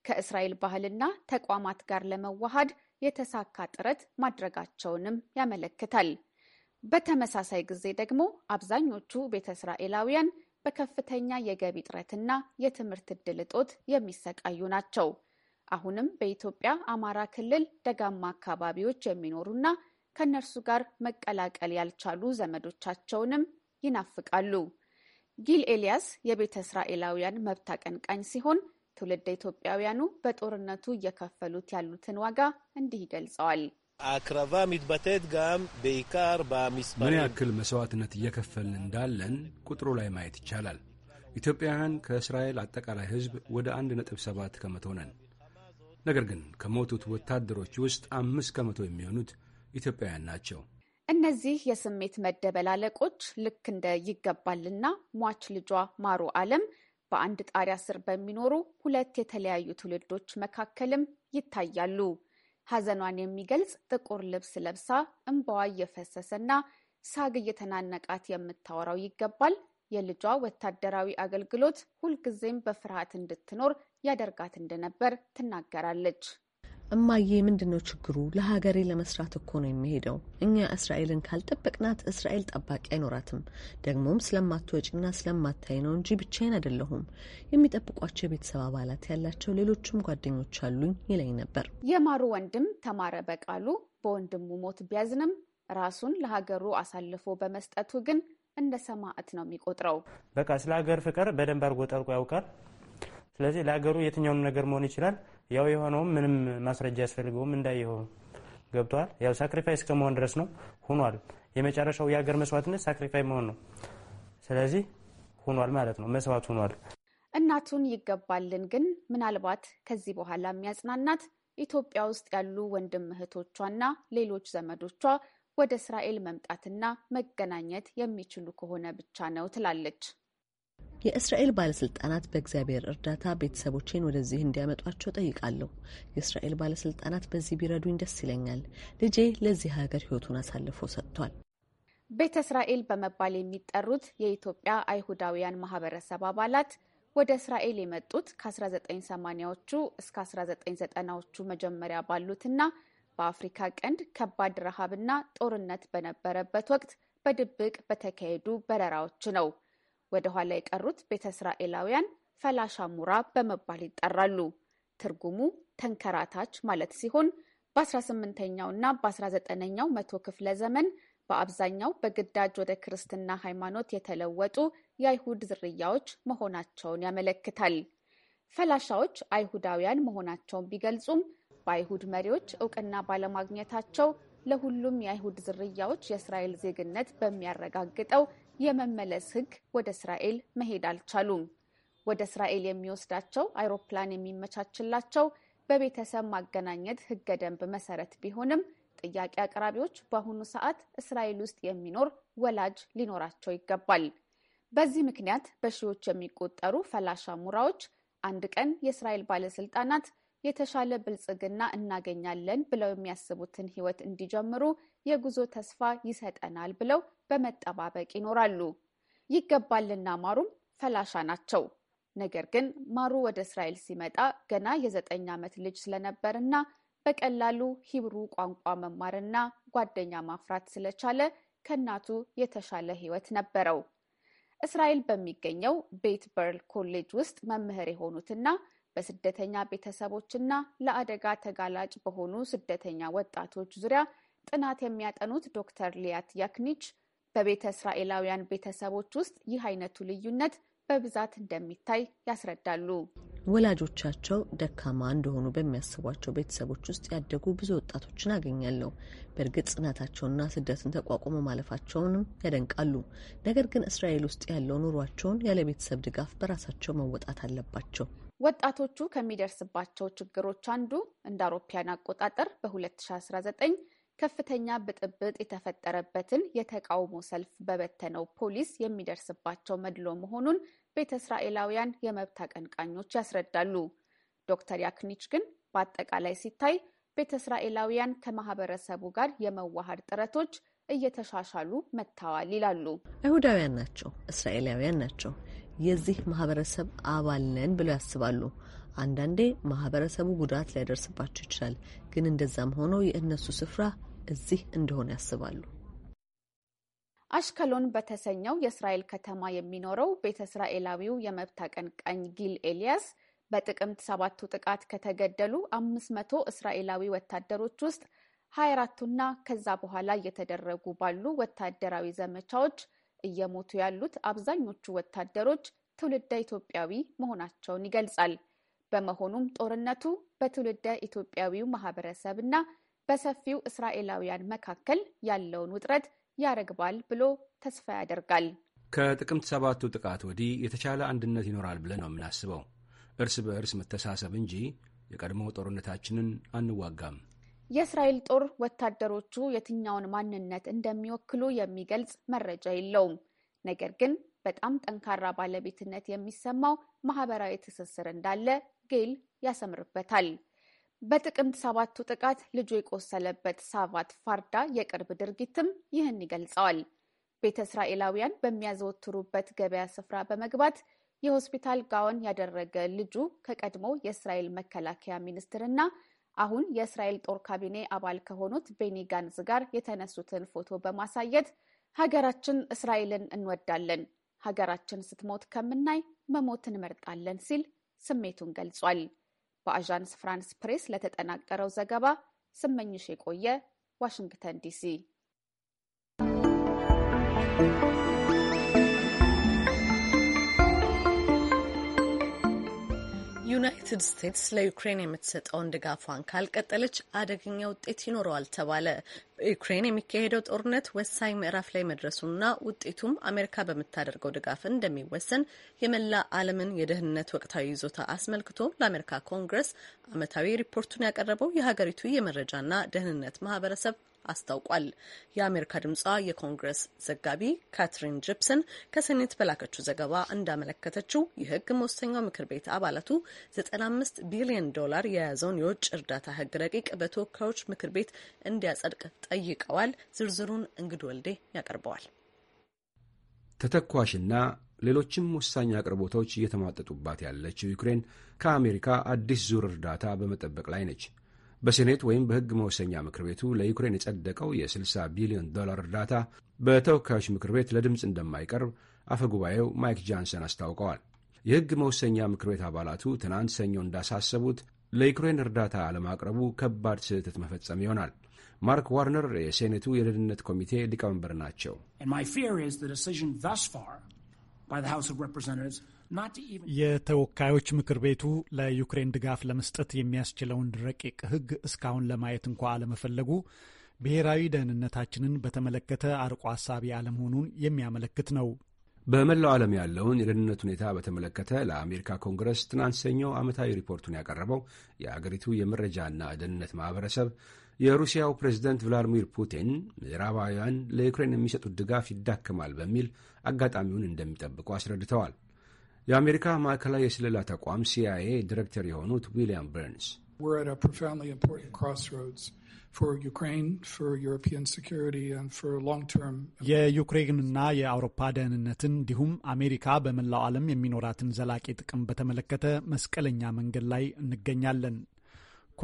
ከእስራኤል ባህልና ተቋማት ጋር ለመዋሃድ የተሳካ ጥረት ማድረጋቸውንም ያመለክታል። በተመሳሳይ ጊዜ ደግሞ አብዛኞቹ ቤተ እስራኤላውያን በከፍተኛ የገቢ እጥረትና የትምህርት እድል እጦት የሚሰቃዩ ናቸው። አሁንም በኢትዮጵያ አማራ ክልል ደጋማ አካባቢዎች የሚኖሩና ከእነርሱ ጋር መቀላቀል ያልቻሉ ዘመዶቻቸውንም ይናፍቃሉ። ጊል ኤልያስ የቤተ እስራኤላውያን መብት አቀንቃኝ ሲሆን ትውልደ ኢትዮጵያውያኑ በጦርነቱ እየከፈሉት ያሉትን ዋጋ እንዲህ ይገልጸዋል። አክረቫ ሚትበቴት ጋም በይካር ምን ያክል መስዋዕትነት እየከፈልን እንዳለን ቁጥሩ ላይ ማየት ይቻላል። ኢትዮጵያውያን ከእስራኤል አጠቃላይ ሕዝብ ወደ 1.7 ከመቶ ነን። ነገር ግን ከሞቱት ወታደሮች ውስጥ አምስት ከመቶ የሚሆኑት ኢትዮጵያውያን ናቸው። እነዚህ የስሜት መደበላለቆች ልክ እንደ ይገባልና ሟች ልጇ ማሩ አለም በአንድ ጣሪያ ስር በሚኖሩ ሁለት የተለያዩ ትውልዶች መካከልም ይታያሉ። ሐዘኗን የሚገልጽ ጥቁር ልብስ ለብሳ እንባዋ እየፈሰሰና ሳግ እየተናነቃት የምታወራው ይገባል የልጇ ወታደራዊ አገልግሎት ሁልጊዜም በፍርሃት እንድትኖር ያደርጋት እንደነበር ትናገራለች። እማዬ ምንድን ነው ችግሩ? ለሀገሬ ለመስራት እኮ ነው የሚሄደው። እኛ እስራኤልን ካልጠበቅናት እስራኤል ጠባቂ አይኖራትም። ደግሞም ስለማትወጪና ስለማታይ ነው እንጂ ብቻዬን አይደለሁም። የሚጠብቋቸው የቤተሰብ አባላት ያላቸው ሌሎችም ጓደኞች አሉኝ ይለኝ ነበር። የማሩ ወንድም ተማረ በቃሉ በወንድሙ ሞት ቢያዝንም ራሱን ለሀገሩ አሳልፎ በመስጠቱ ግን እንደ ሰማዕት ነው የሚቆጥረው። በቃ ስለ ሀገር ፍቅር በደንብ አድርጎ ጠልቆ ያውቃል። ስለዚህ ለሀገሩ የትኛውን ነገር መሆን ይችላል። ያው የሆነውም ምንም ማስረጃ ያስፈልገውም እንዳይሆን ገብቷል። ያው ሳክሪፋይስ ከመሆን ድረስ ነው ሁኗል። የመጨረሻው የሀገር መስዋዕትነት ሳክሪፋይ መሆን ነው። ስለዚህ ሁኗል ማለት ነው፣ መስዋዕት ሁኗል። እናቱን ይገባልን ግን ምናልባት ከዚህ በኋላ የሚያጽናናት ኢትዮጵያ ውስጥ ያሉ ወንድም እህቶቿና ሌሎች ዘመዶቿ ወደ እስራኤል መምጣትና መገናኘት የሚችሉ ከሆነ ብቻ ነው ትላለች። የእስራኤል ባለስልጣናት በእግዚአብሔር እርዳታ ቤተሰቦቼን ወደዚህ እንዲያመጧቸው ጠይቃለሁ። የእስራኤል ባለስልጣናት በዚህ ቢረዱኝ ደስ ይለኛል። ልጄ ለዚህ ሀገር ህይወቱን አሳልፎ ሰጥቷል። ቤተ እስራኤል በመባል የሚጠሩት የኢትዮጵያ አይሁዳውያን ማህበረሰብ አባላት ወደ እስራኤል የመጡት ከ1980ዎቹ እስከ 1990ዎቹ መጀመሪያ ባሉትና በአፍሪካ ቀንድ ከባድ ረሃብና ጦርነት በነበረበት ወቅት በድብቅ በተካሄዱ በረራዎች ነው። ወደ ኋላ የቀሩት ቤተ እስራኤላውያን ፈላሻ ሙራ በመባል ይጠራሉ። ትርጉሙ ተንከራታች ማለት ሲሆን በ18ኛው እና በ19ኛው መቶ ክፍለ ዘመን በአብዛኛው በግዳጅ ወደ ክርስትና ሃይማኖት የተለወጡ የአይሁድ ዝርያዎች መሆናቸውን ያመለክታል። ፈላሻዎች አይሁዳውያን መሆናቸውን ቢገልጹም በአይሁድ መሪዎች እውቅና ባለማግኘታቸው ለሁሉም የአይሁድ ዝርያዎች የእስራኤል ዜግነት በሚያረጋግጠው የመመለስ ህግ ወደ እስራኤል መሄድ አልቻሉም። ወደ እስራኤል የሚወስዳቸው አይሮፕላን የሚመቻችላቸው በቤተሰብ ማገናኘት ህገ ደንብ መሰረት ቢሆንም ጥያቄ አቅራቢዎች በአሁኑ ሰዓት እስራኤል ውስጥ የሚኖር ወላጅ ሊኖራቸው ይገባል። በዚህ ምክንያት በሺዎች የሚቆጠሩ ፈላሻ ሙራዎች አንድ ቀን የእስራኤል ባለስልጣናት የተሻለ ብልጽግና እናገኛለን ብለው የሚያስቡትን ህይወት እንዲጀምሩ የጉዞ ተስፋ ይሰጠናል ብለው በመጠባበቅ ይኖራሉ። ይገባልና ማሩም ፈላሻ ናቸው። ነገር ግን ማሩ ወደ እስራኤል ሲመጣ ገና የዘጠኝ ዓመት ልጅ ስለነበርና በቀላሉ ሂብሩ ቋንቋ መማርና ጓደኛ ማፍራት ስለቻለ ከእናቱ የተሻለ ሕይወት ነበረው። እስራኤል በሚገኘው ቤት በርል ኮሌጅ ውስጥ መምህር የሆኑትና በስደተኛ ቤተሰቦችና ለአደጋ ተጋላጭ በሆኑ ስደተኛ ወጣቶች ዙሪያ ጥናት የሚያጠኑት ዶክተር ሊያት ያክኒች በቤተ እስራኤላውያን ቤተሰቦች ውስጥ ይህ አይነቱ ልዩነት በብዛት እንደሚታይ ያስረዳሉ። ወላጆቻቸው ደካማ እንደሆኑ በሚያስቧቸው ቤተሰቦች ውስጥ ያደጉ ብዙ ወጣቶችን አገኛለሁ። በእርግጥ ጽናታቸውና ስደትን ተቋቁመው ማለፋቸውንም ያደንቃሉ። ነገር ግን እስራኤል ውስጥ ያለው ኑሯቸውን ያለ ቤተሰብ ድጋፍ በራሳቸው መወጣት አለባቸው። ወጣቶቹ ከሚደርስባቸው ችግሮች አንዱ እንደ አውሮፓያን አቆጣጠር በ2019 ከፍተኛ ብጥብጥ የተፈጠረበትን የተቃውሞ ሰልፍ በበተነው ፖሊስ የሚደርስባቸው መድሎ መሆኑን ቤተ እስራኤላውያን የመብት አቀንቃኞች ያስረዳሉ። ዶክተር ያክኒች ግን በአጠቃላይ ሲታይ ቤተ እስራኤላውያን ከማህበረሰቡ ጋር የመዋሃድ ጥረቶች እየተሻሻሉ መጥተዋል ይላሉ። አይሁዳውያን ናቸው፣ እስራኤላውያን ናቸው። የዚህ ማህበረሰብ አባል ነን ብለው ያስባሉ። አንዳንዴ ማህበረሰቡ ጉዳት ሊያደርስባቸው ይችላል። ግን እንደዛም ሆኖ የእነሱ ስፍራ እዚህ እንደሆነ ያስባሉ። አሽከሎን በተሰኘው የእስራኤል ከተማ የሚኖረው ቤተ እስራኤላዊው የመብት አቀንቃኝ ጊል ኤልያስ በጥቅምት ሰባቱ ጥቃት ከተገደሉ አምስት መቶ እስራኤላዊ ወታደሮች ውስጥ ሀያ አራቱና ከዛ በኋላ እየተደረጉ ባሉ ወታደራዊ ዘመቻዎች እየሞቱ ያሉት አብዛኞቹ ወታደሮች ትውልደ ኢትዮጵያዊ መሆናቸውን ይገልጻል። በመሆኑም ጦርነቱ በትውልደ ኢትዮጵያዊው ማህበረሰብ እና በሰፊው እስራኤላውያን መካከል ያለውን ውጥረት ያረግባል ብሎ ተስፋ ያደርጋል። ከጥቅምት ሰባቱ ጥቃት ወዲህ የተሻለ አንድነት ይኖራል ብለን ነው የምናስበው። እርስ በእርስ መተሳሰብ እንጂ የቀድሞ ጦርነታችንን አንዋጋም። የእስራኤል ጦር ወታደሮቹ የትኛውን ማንነት እንደሚወክሉ የሚገልጽ መረጃ የለውም። ነገር ግን በጣም ጠንካራ ባለቤትነት የሚሰማው ማህበራዊ ትስስር እንዳለ ጌል ያሰምርበታል። በጥቅምት ሰባቱ ጥቃት ልጁ የቆሰለበት ሳቫት ፋርዳ የቅርብ ድርጊትም ይህን ይገልጸዋል። ቤተ እስራኤላውያን በሚያዘወትሩበት ገበያ ስፍራ በመግባት የሆስፒታል ጋውን ያደረገ ልጁ ከቀድሞ የእስራኤል መከላከያ ሚኒስትርና አሁን የእስራኤል ጦር ካቢኔ አባል ከሆኑት ቤኒ ጋንዝ ጋር የተነሱትን ፎቶ በማሳየት ሀገራችን እስራኤልን እንወዳለን፣ ሀገራችን ስትሞት ከምናይ መሞት እንመርጣለን ሲል ስሜቱን ገልጿል። በአዣንስ ፍራንስ ፕሬስ ለተጠናቀረው ዘገባ ስመኝሽ የቆየ ዋሽንግተን ዲሲ። ዩናይትድ ስቴትስ ለዩክሬን የምትሰጠውን ድጋፏን ካልቀጠለች አደገኛ ውጤት ይኖረዋል ተባለ። በዩክሬን የሚካሄደው ጦርነት ወሳኝ ምዕራፍ ላይ መድረሱና ውጤቱም አሜሪካ በምታደርገው ድጋፍ እንደሚወሰን የመላ ዓለምን የደህንነት ወቅታዊ ይዞታ አስመልክቶ ለአሜሪካ ኮንግረስ ዓመታዊ ሪፖርቱን ያቀረበው የሀገሪቱ የመረጃና ደህንነት ማህበረሰብ አስታውቋል። የአሜሪካ ድምጿ የኮንግረስ ዘጋቢ ካትሪን ጂፕሰን ከሴኔት በላከችው ዘገባ እንዳመለከተችው የህግ መወሰኛው ምክር ቤት አባላቱ 95 ቢሊዮን ዶላር የያዘውን የውጭ እርዳታ ህግ ረቂቅ በተወካዮች ምክር ቤት እንዲያጸድቅ ጠይቀዋል። ዝርዝሩን እንግድ ወልዴ ያቀርበዋል። ተተኳሽና ሌሎችም ወሳኝ አቅርቦቶች እየተሟጠጡባት ያለችው ዩክሬን ከአሜሪካ አዲስ ዙር እርዳታ በመጠበቅ ላይ ነች። በሴኔት ወይም በሕግ መወሰኛ ምክር ቤቱ ለዩክሬን የጸደቀው የ60 ቢሊዮን ዶላር እርዳታ በተወካዮች ምክር ቤት ለድምፅ እንደማይቀርብ ጉባኤው ማይክ ጃንሰን አስታውቀዋል። የሕግ መወሰኛ ምክር ቤት አባላቱ ትናንት ሰኞ እንዳሳሰቡት ለዩክሬን እርዳታ አለማቅረቡ ከባድ ስህተት መፈጸም ይሆናል። ማርክ ዋርነር የሴኔቱ የደህንነት ኮሚቴ ሊቀመንበር ናቸው። የተወካዮች ምክር ቤቱ ለዩክሬን ድጋፍ ለመስጠት የሚያስችለውን ረቂቅ ሕግ እስካሁን ለማየት እንኳ አለመፈለጉ ብሔራዊ ደህንነታችንን በተመለከተ አርቆ ሀሳቢ አለመሆኑን የሚያመለክት ነው። በመላው ዓለም ያለውን የደህንነት ሁኔታ በተመለከተ ለአሜሪካ ኮንግረስ ትናንት ሰኞ ዓመታዊ ሪፖርቱን ያቀረበው የአገሪቱ የመረጃና ደህንነት ማህበረሰብ የሩሲያው ፕሬዝደንት ቭላዲሚር ፑቲን ምዕራባውያን ለዩክሬን የሚሰጡት ድጋፍ ይዳከማል በሚል አጋጣሚውን እንደሚጠብቁ አስረድተዋል። የአሜሪካ ማዕከላዊ የስለላ ተቋም ሲአይኤ ዲሬክተር የሆኑት ዊሊያም በርንስ የዩክሬንና የአውሮፓ ደህንነትን እንዲሁም አሜሪካ በመላው ዓለም የሚኖራትን ዘላቂ ጥቅም በተመለከተ መስቀለኛ መንገድ ላይ እንገኛለን።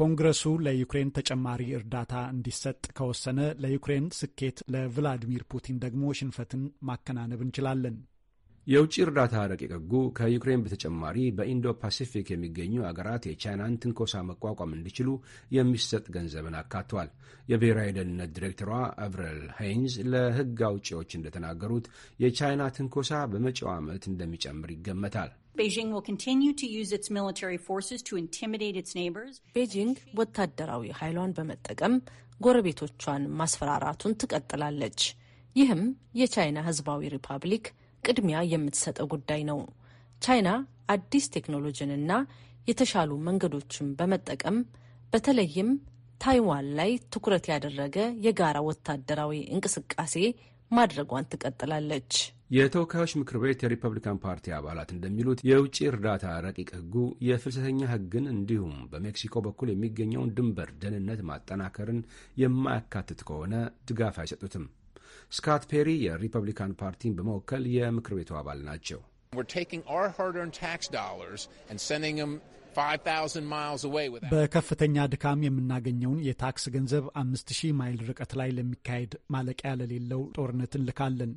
ኮንግረሱ ለዩክሬን ተጨማሪ እርዳታ እንዲሰጥ ከወሰነ ለዩክሬን ስኬት፣ ለቭላዲሚር ፑቲን ደግሞ ሽንፈትን ማከናነብ እንችላለን። የውጭ እርዳታ ረቂቅጉ ከዩክሬን በተጨማሪ በኢንዶ ፓሲፊክ የሚገኙ አገራት የቻይናን ትንኮሳ መቋቋም እንዲችሉ የሚሰጥ ገንዘብን አካቷል። የብሔራዊ ደህንነት ዲሬክተሯ አብረል ሃይንዝ ለሕግ አውጪዎች እንደተናገሩት የቻይና ትንኮሳ በመጪው ዓመት እንደሚጨምር ይገመታል። ቤጂንግ ወታደራዊ ኃይሏን በመጠቀም ጎረቤቶቿን ማስፈራራቱን ትቀጥላለች። ይህም የቻይና ህዝባዊ ሪፐብሊክ ቅድሚያ የምትሰጠው ጉዳይ ነው። ቻይና አዲስ ቴክኖሎጂንና የተሻሉ መንገዶችን በመጠቀም በተለይም ታይዋን ላይ ትኩረት ያደረገ የጋራ ወታደራዊ እንቅስቃሴ ማድረጓን ትቀጥላለች። የተወካዮች ምክር ቤት የሪፐብሊካን ፓርቲ አባላት እንደሚሉት የውጭ እርዳታ ረቂቅ ሕጉ የፍልሰተኛ ሕግን እንዲሁም በሜክሲኮ በኩል የሚገኘውን ድንበር ደህንነት ማጠናከርን የማያካትት ከሆነ ድጋፍ አይሰጡትም። ስካት ፔሪ የሪፐብሊካን ፓርቲን በመወከል የምክር ቤቱ አባል ናቸው። በከፍተኛ ድካም የምናገኘውን የታክስ ገንዘብ አምስት ሺህ ማይል ርቀት ላይ ለሚካሄድ ማለቂያ ለሌለው ጦርነት እንልካለን።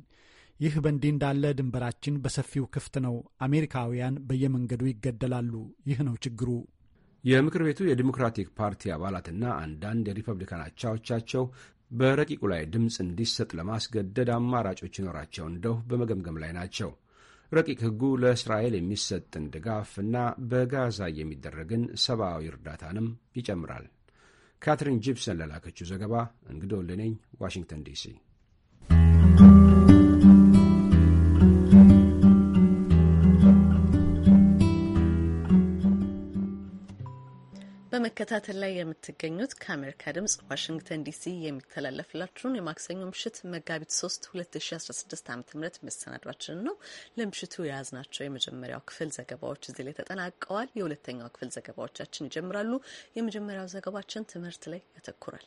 ይህ በእንዲህ እንዳለ ድንበራችን በሰፊው ክፍት ነው። አሜሪካውያን በየመንገዱ ይገደላሉ። ይህ ነው ችግሩ። የምክር ቤቱ የዲሞክራቲክ ፓርቲ አባላትና አንዳንድ የሪፐብሊካን አቻዎቻቸው በረቂቁ ላይ ድምፅ እንዲሰጥ ለማስገደድ አማራጮች ይኖራቸው እንደው በመገምገም ላይ ናቸው። ረቂቅ ሕጉ ለእስራኤል የሚሰጥን ድጋፍ እና በጋዛ የሚደረግን ሰብአዊ እርዳታንም ይጨምራል። ካትሪን ጂፕሰን ለላከችው ዘገባ እንግዶ ልነኝ ዋሽንግተን ዲሲ በመከታተል ላይ የምትገኙት ከአሜሪካ ድምጽ ዋሽንግተን ዲሲ የሚተላለፍላችሁን የማክሰኞ ምሽት መጋቢት 3 2016 ዓ ም መሰናዷችንን ነው። ለምሽቱ የያዝናቸው የመጀመሪያው ክፍል ዘገባዎች እዚህ ላይ ተጠናቀዋል። የሁለተኛው ክፍል ዘገባዎቻችን ይጀምራሉ። የመጀመሪያው ዘገባችን ትምህርት ላይ ያተኩራል።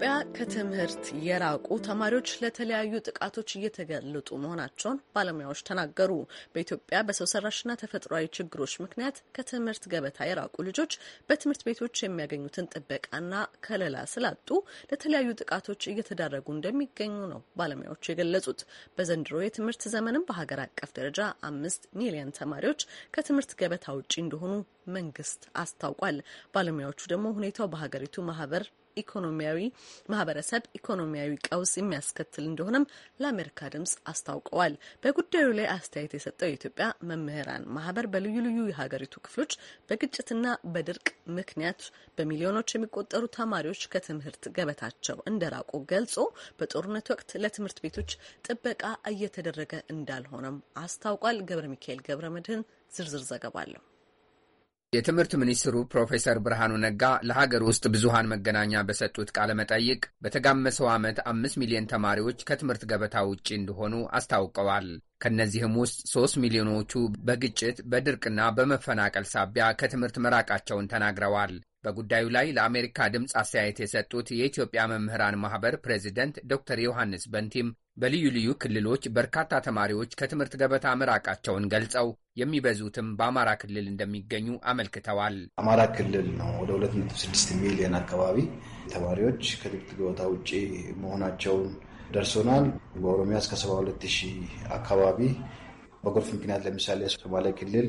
በኢትዮጵያ ከትምህርት የራቁ ተማሪዎች ለተለያዩ ጥቃቶች እየተጋለጡ መሆናቸውን ባለሙያዎች ተናገሩ። በኢትዮጵያ በሰው ሰራሽና ተፈጥሯዊ ችግሮች ምክንያት ከትምህርት ገበታ የራቁ ልጆች በትምህርት ቤቶች የሚያገኙትን ጥበቃና ከለላ ስላጡ ለተለያዩ ጥቃቶች እየተዳረጉ እንደሚገኙ ነው ባለሙያዎቹ የገለጹት። በዘንድሮ የትምህርት ዘመንም በሀገር አቀፍ ደረጃ አምስት ሚሊዮን ተማሪዎች ከትምህርት ገበታ ውጪ እንደሆኑ መንግስት አስታውቋል። ባለሙያዎቹ ደግሞ ሁኔታው በሀገሪቱ ማህበር ኢኮኖሚያዊ ማህበረሰብ ኢኮኖሚያዊ ቀውስ የሚያስከትል እንደሆነም ለአሜሪካ ድምጽ አስታውቀዋል። በጉዳዩ ላይ አስተያየት የሰጠው የኢትዮጵያ መምህራን ማህበር በልዩ ልዩ የሀገሪቱ ክፍሎች በግጭትና በድርቅ ምክንያት በሚሊዮኖች የሚቆጠሩ ተማሪዎች ከትምህርት ገበታቸው እንደራቁ ገልጾ በጦርነት ወቅት ለትምህርት ቤቶች ጥበቃ እየተደረገ እንዳልሆነም አስታውቋል። ገብረ ሚካኤል ገብረ መድህን ዝርዝር ዘገባ አለው የትምህርት ሚኒስትሩ ፕሮፌሰር ብርሃኑ ነጋ ለሀገር ውስጥ ብዙሃን መገናኛ በሰጡት ቃለ መጠይቅ በተጋመሰው ዓመት አምስት ሚሊዮን ተማሪዎች ከትምህርት ገበታ ውጪ እንደሆኑ አስታውቀዋል። ከእነዚህም ውስጥ ሶስት ሚሊዮኖቹ በግጭት በድርቅና በመፈናቀል ሳቢያ ከትምህርት መራቃቸውን ተናግረዋል። በጉዳዩ ላይ ለአሜሪካ ድምፅ አስተያየት የሰጡት የኢትዮጵያ መምህራን ማህበር ፕሬዚደንት ዶክተር ዮሐንስ በንቲም በልዩ ልዩ ክልሎች በርካታ ተማሪዎች ከትምህርት ገበታ መራቃቸውን ገልጸው የሚበዙትም በአማራ ክልል እንደሚገኙ አመልክተዋል። አማራ ክልል ነው ወደ 26 ሚሊዮን አካባቢ ተማሪዎች ከትምህርት ገበታ ውጭ መሆናቸውን ደርሶናል። በኦሮሚያ እስከ 72 ሺህ አካባቢ በጎርፍ ምክንያት ለምሳሌ ሶማሌ ክልል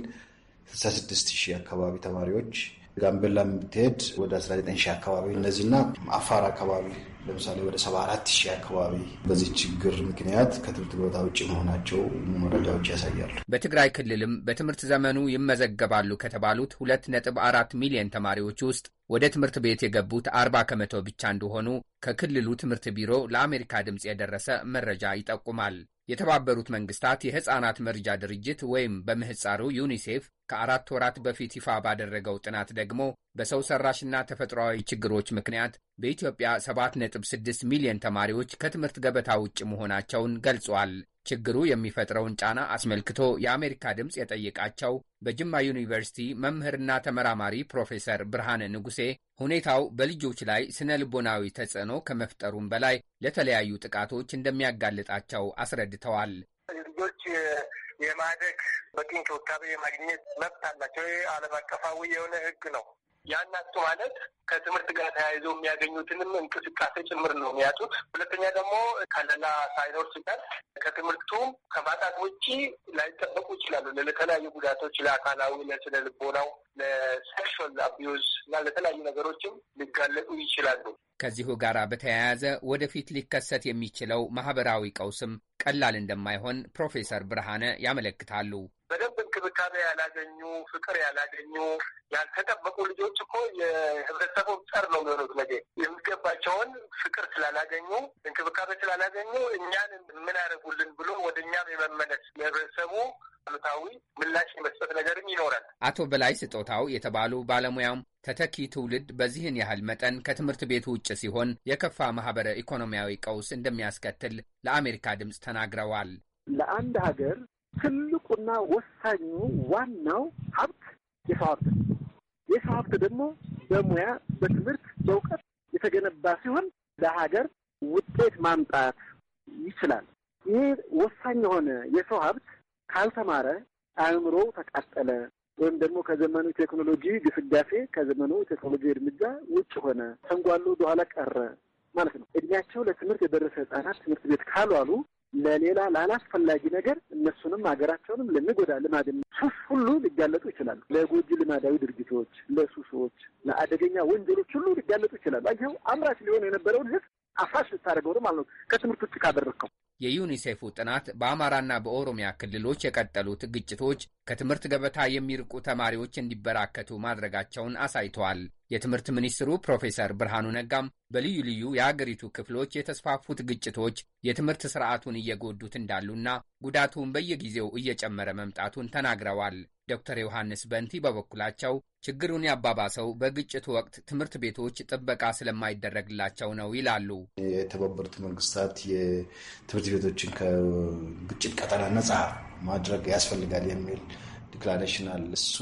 66 ሺህ አካባቢ ተማሪዎች ጋምቤላ ብትሄድ ወደ 19 ሺህ አካባቢ እነዚህና አፋር አካባቢ ለምሳሌ ወደ 74 ሺህ አካባቢ በዚህ ችግር ምክንያት ከትምህርት ቦታ ውጭ መሆናቸው መረጃዎች ያሳያሉ። በትግራይ ክልልም በትምህርት ዘመኑ ይመዘገባሉ ከተባሉት 2.4 ሚሊዮን ተማሪዎች ውስጥ ወደ ትምህርት ቤት የገቡት 40 ከመቶ ብቻ እንደሆኑ ከክልሉ ትምህርት ቢሮ ለአሜሪካ ድምፅ የደረሰ መረጃ ይጠቁማል። የተባበሩት መንግስታት የሕፃናት መርጃ ድርጅት ወይም በምህፃሩ ዩኒሴፍ ከአራት ወራት በፊት ይፋ ባደረገው ጥናት ደግሞ በሰው ሰራሽና ተፈጥሯዊ ችግሮች ምክንያት በኢትዮጵያ 7.6 ሚሊዮን ተማሪዎች ከትምህርት ገበታ ውጭ መሆናቸውን ገልጿል። ችግሩ የሚፈጥረውን ጫና አስመልክቶ የአሜሪካ ድምፅ የጠየቃቸው በጅማ ዩኒቨርሲቲ መምህርና ተመራማሪ ፕሮፌሰር ብርሃነ ንጉሴ ሁኔታው በልጆች ላይ ስነ ልቦናዊ ተጽዕኖ ከመፍጠሩም በላይ ለተለያዩ ጥቃቶች እንደሚያጋልጣቸው አስረድተዋል። ልጆች የማደግ በቂ እንክብካቤ የማግኘት መብት አላቸው። ይህ ዓለም አቀፋዊ የሆነ ሕግ ነው። ያናጡ ማለት ከትምህርት ጋር ተያይዞ የሚያገኙትንም እንቅስቃሴ ጭምር ነው የሚያጡት። ሁለተኛ ደግሞ ከለላ ሳይኖር ሲቀር ከትምህርቱ ከማጣት ውጪ ላይጠበቁ ይችላሉ ለተለያዩ ጉዳቶች፣ ለአካላዊ፣ ለስነ ልቦናው፣ ለሴክሹዋል አቢዩዝ እና ለተለያዩ ነገሮችም ሊጋለጡ ይችላሉ። ከዚሁ ጋር በተያያዘ ወደፊት ሊከሰት የሚችለው ማህበራዊ ቀውስም ቀላል እንደማይሆን ፕሮፌሰር ብርሃነ ያመለክታሉ። እንክብካቤ ያላገኙ፣ ፍቅር ያላገኙ፣ ያልተጠበቁ ልጆች እኮ የህብረተሰቡ ጸር ነው የሚሆኑት። ነገ የሚገባቸውን ፍቅር ስላላገኙ፣ እንክብካቤ ስላላገኙ እኛን ምን ያደርጉልን ብሎ ወደ እኛም የመመለስ ለህብረተሰቡ አሉታዊ ምላሽ የመስጠት ነገርም ይኖራል። አቶ በላይ ስጦታው የተባሉ ባለሙያም ተተኪ ትውልድ በዚህን ያህል መጠን ከትምህርት ቤቱ ውጭ ሲሆን የከፋ ማህበረ ኢኮኖሚያዊ ቀውስ እንደሚያስከትል ለአሜሪካ ድምፅ ተናግረዋል። ለአንድ ሀገር ትልቁና ወሳኙ ዋናው ሀብት የሰው ሀብት ነው። የሰው ሀብት ደግሞ በሙያ፣ በትምህርት፣ በእውቀት የተገነባ ሲሆን ለሀገር ውጤት ማምጣት ይችላል። ይህ ወሳኝ የሆነ የሰው ሀብት ካልተማረ አእምሮ ተቃጠለ ወይም ደግሞ ከዘመኑ ቴክኖሎጂ ግስጋሴ ከዘመኑ ቴክኖሎጂ እርምጃ ውጭ ሆነ፣ ተንጓሉ፣ ወደኋላ ቀረ ማለት ነው። እድሜያቸው ለትምህርት የደረሰ ህጻናት ትምህርት ቤት ካልዋሉ ለሌላ ላላስፈላጊ ነገር እነሱንም ሀገራቸውንም ለሚጎዳ ልማድ ሱስ ሁሉ ሊጋለጡ ይችላሉ። ለጎጂ ልማዳዊ ድርጊቶች፣ ለሱሶች፣ ለአደገኛ ወንጀሎች ሁሉ ሊጋለጡ ይችላሉ። አየው አምራች ሊሆን የነበረውን ህዝብ አፍራሽ ልታደርገው ነው ማለት ነው። ከትምህርት ውጭ ካደረግከው የዩኒሴፉ ጥናት በአማራና በኦሮሚያ ክልሎች የቀጠሉት ግጭቶች ከትምህርት ገበታ የሚርቁ ተማሪዎች እንዲበራከቱ ማድረጋቸውን አሳይተዋል። የትምህርት ሚኒስትሩ ፕሮፌሰር ብርሃኑ ነጋም በልዩ ልዩ የአገሪቱ ክፍሎች የተስፋፉት ግጭቶች የትምህርት ስርዓቱን እየጎዱት እንዳሉና ጉዳቱን በየጊዜው እየጨመረ መምጣቱን ተናግረዋል። ዶክተር ዮሐንስ በንቲ በበኩላቸው ችግሩን ያባባሰው በግጭት ወቅት ትምህርት ቤቶች ጥበቃ ስለማይደረግላቸው ነው ይላሉ። የተባበሩት መንግስታት የትምህርት ቤቶችን ከግጭት ቀጠና ነጻ ማድረግ ያስፈልጋል የሚል ዲክላሬሽን አለ። እሱ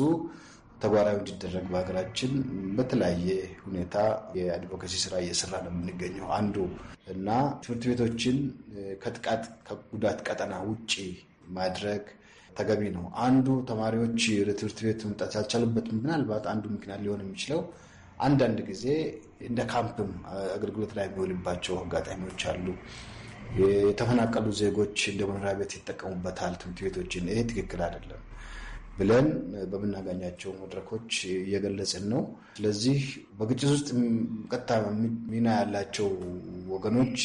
ተግባራዊ እንዲደረግ በሀገራችን በተለያየ ሁኔታ የአድቮኬሲ ስራ እየሰራ ነው የምንገኘው አንዱ እና ትምህርት ቤቶችን ከጥቃት ከጉዳት ቀጠና ውጭ ማድረግ ተገቢ ነው። አንዱ ተማሪዎች ወደ ትምህርት ቤት መምጣት ያልቻሉበት ምናልባት አንዱ ምክንያት ሊሆን የሚችለው አንዳንድ ጊዜ እንደ ካምፕም አገልግሎት ላይ የሚውልባቸው አጋጣሚዎች አሉ። የተፈናቀሉ ዜጎች እንደ መኖሪያ ቤት ይጠቀሙበታል ትምህርት ቤቶችን። ይሄ ትክክል አይደለም። ብለን በምናገኛቸው መድረኮች እየገለጽን ነው። ስለዚህ በግጭት ውስጥ ቀጥታ ሚና ያላቸው ወገኖች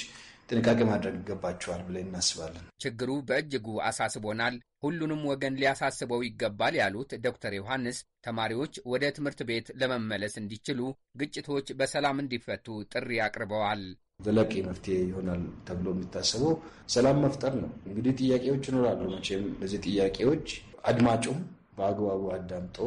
ጥንቃቄ ማድረግ ይገባቸዋል ብለን እናስባለን። ችግሩ በእጅጉ አሳስቦናል፣ ሁሉንም ወገን ሊያሳስበው ይገባል ያሉት ዶክተር ዮሐንስ ተማሪዎች ወደ ትምህርት ቤት ለመመለስ እንዲችሉ ግጭቶች በሰላም እንዲፈቱ ጥሪ አቅርበዋል። ዘላቂ መፍትሄ ይሆናል ተብሎ የሚታሰበው ሰላም መፍጠር ነው። እንግዲህ ጥያቄዎች ይኖራሉ። መቼም እነዚህ ጥያቄዎች አድማጩም በአግባቡ አዳምጦ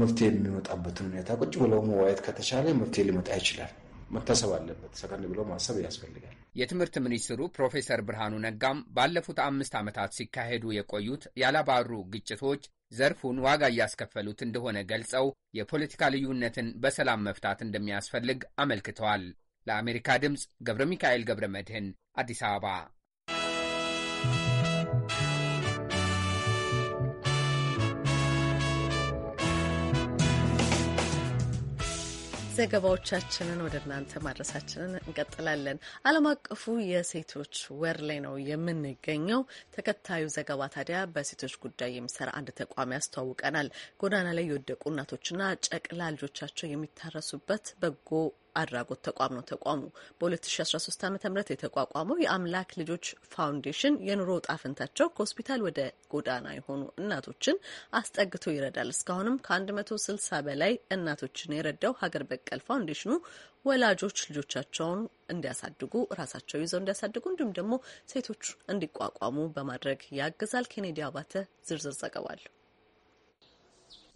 መፍትሄ የሚመጣበትን ሁኔታ ቁጭ ብለው መዋየት ከተቻለ መፍትሄ ሊመጣ ይችላል። መታሰብ አለበት። ሰከንድ ብሎ ማሰብ ያስፈልጋል። የትምህርት ሚኒስትሩ ፕሮፌሰር ብርሃኑ ነጋም ባለፉት አምስት ዓመታት ሲካሄዱ የቆዩት ያላባሩ ግጭቶች ዘርፉን ዋጋ እያስከፈሉት እንደሆነ ገልጸው የፖለቲካ ልዩነትን በሰላም መፍታት እንደሚያስፈልግ አመልክተዋል። ለአሜሪካ ድምፅ ገብረ ሚካኤል ገብረ መድህን አዲስ አበባ ዘገባዎቻችንን ወደ እናንተ ማድረሳችንን እንቀጥላለን። ዓለም አቀፉ የሴቶች ወር ላይ ነው የምንገኘው። ተከታዩ ዘገባ ታዲያ በሴቶች ጉዳይ የሚሰራ አንድ ተቋም ያስተዋውቀናል። ጎዳና ላይ የወደቁ እናቶችና ጨቅላ ልጆቻቸው የሚታረሱበት በጎ አድራጎት ተቋም ነው። ተቋሙ በ2013 ዓ ም የተቋቋመው የአምላክ ልጆች ፋውንዴሽን የኑሮ እጣ ፈንታቸው ከሆስፒታል ወደ ጎዳና የሆኑ እናቶችን አስጠግቶ ይረዳል። እስካሁንም ከ160 በላይ እናቶችን የረዳው ሀገር በቀል ፋውንዴሽኑ ወላጆች ልጆቻቸውን እንዲያሳድጉ ራሳቸው ይዘው እንዲያሳድጉ እንዲሁም ደግሞ ሴቶች እንዲቋቋሙ በማድረግ ያግዛል። ኬኔዲ አባተ ዝርዝር ዘገባለሁ።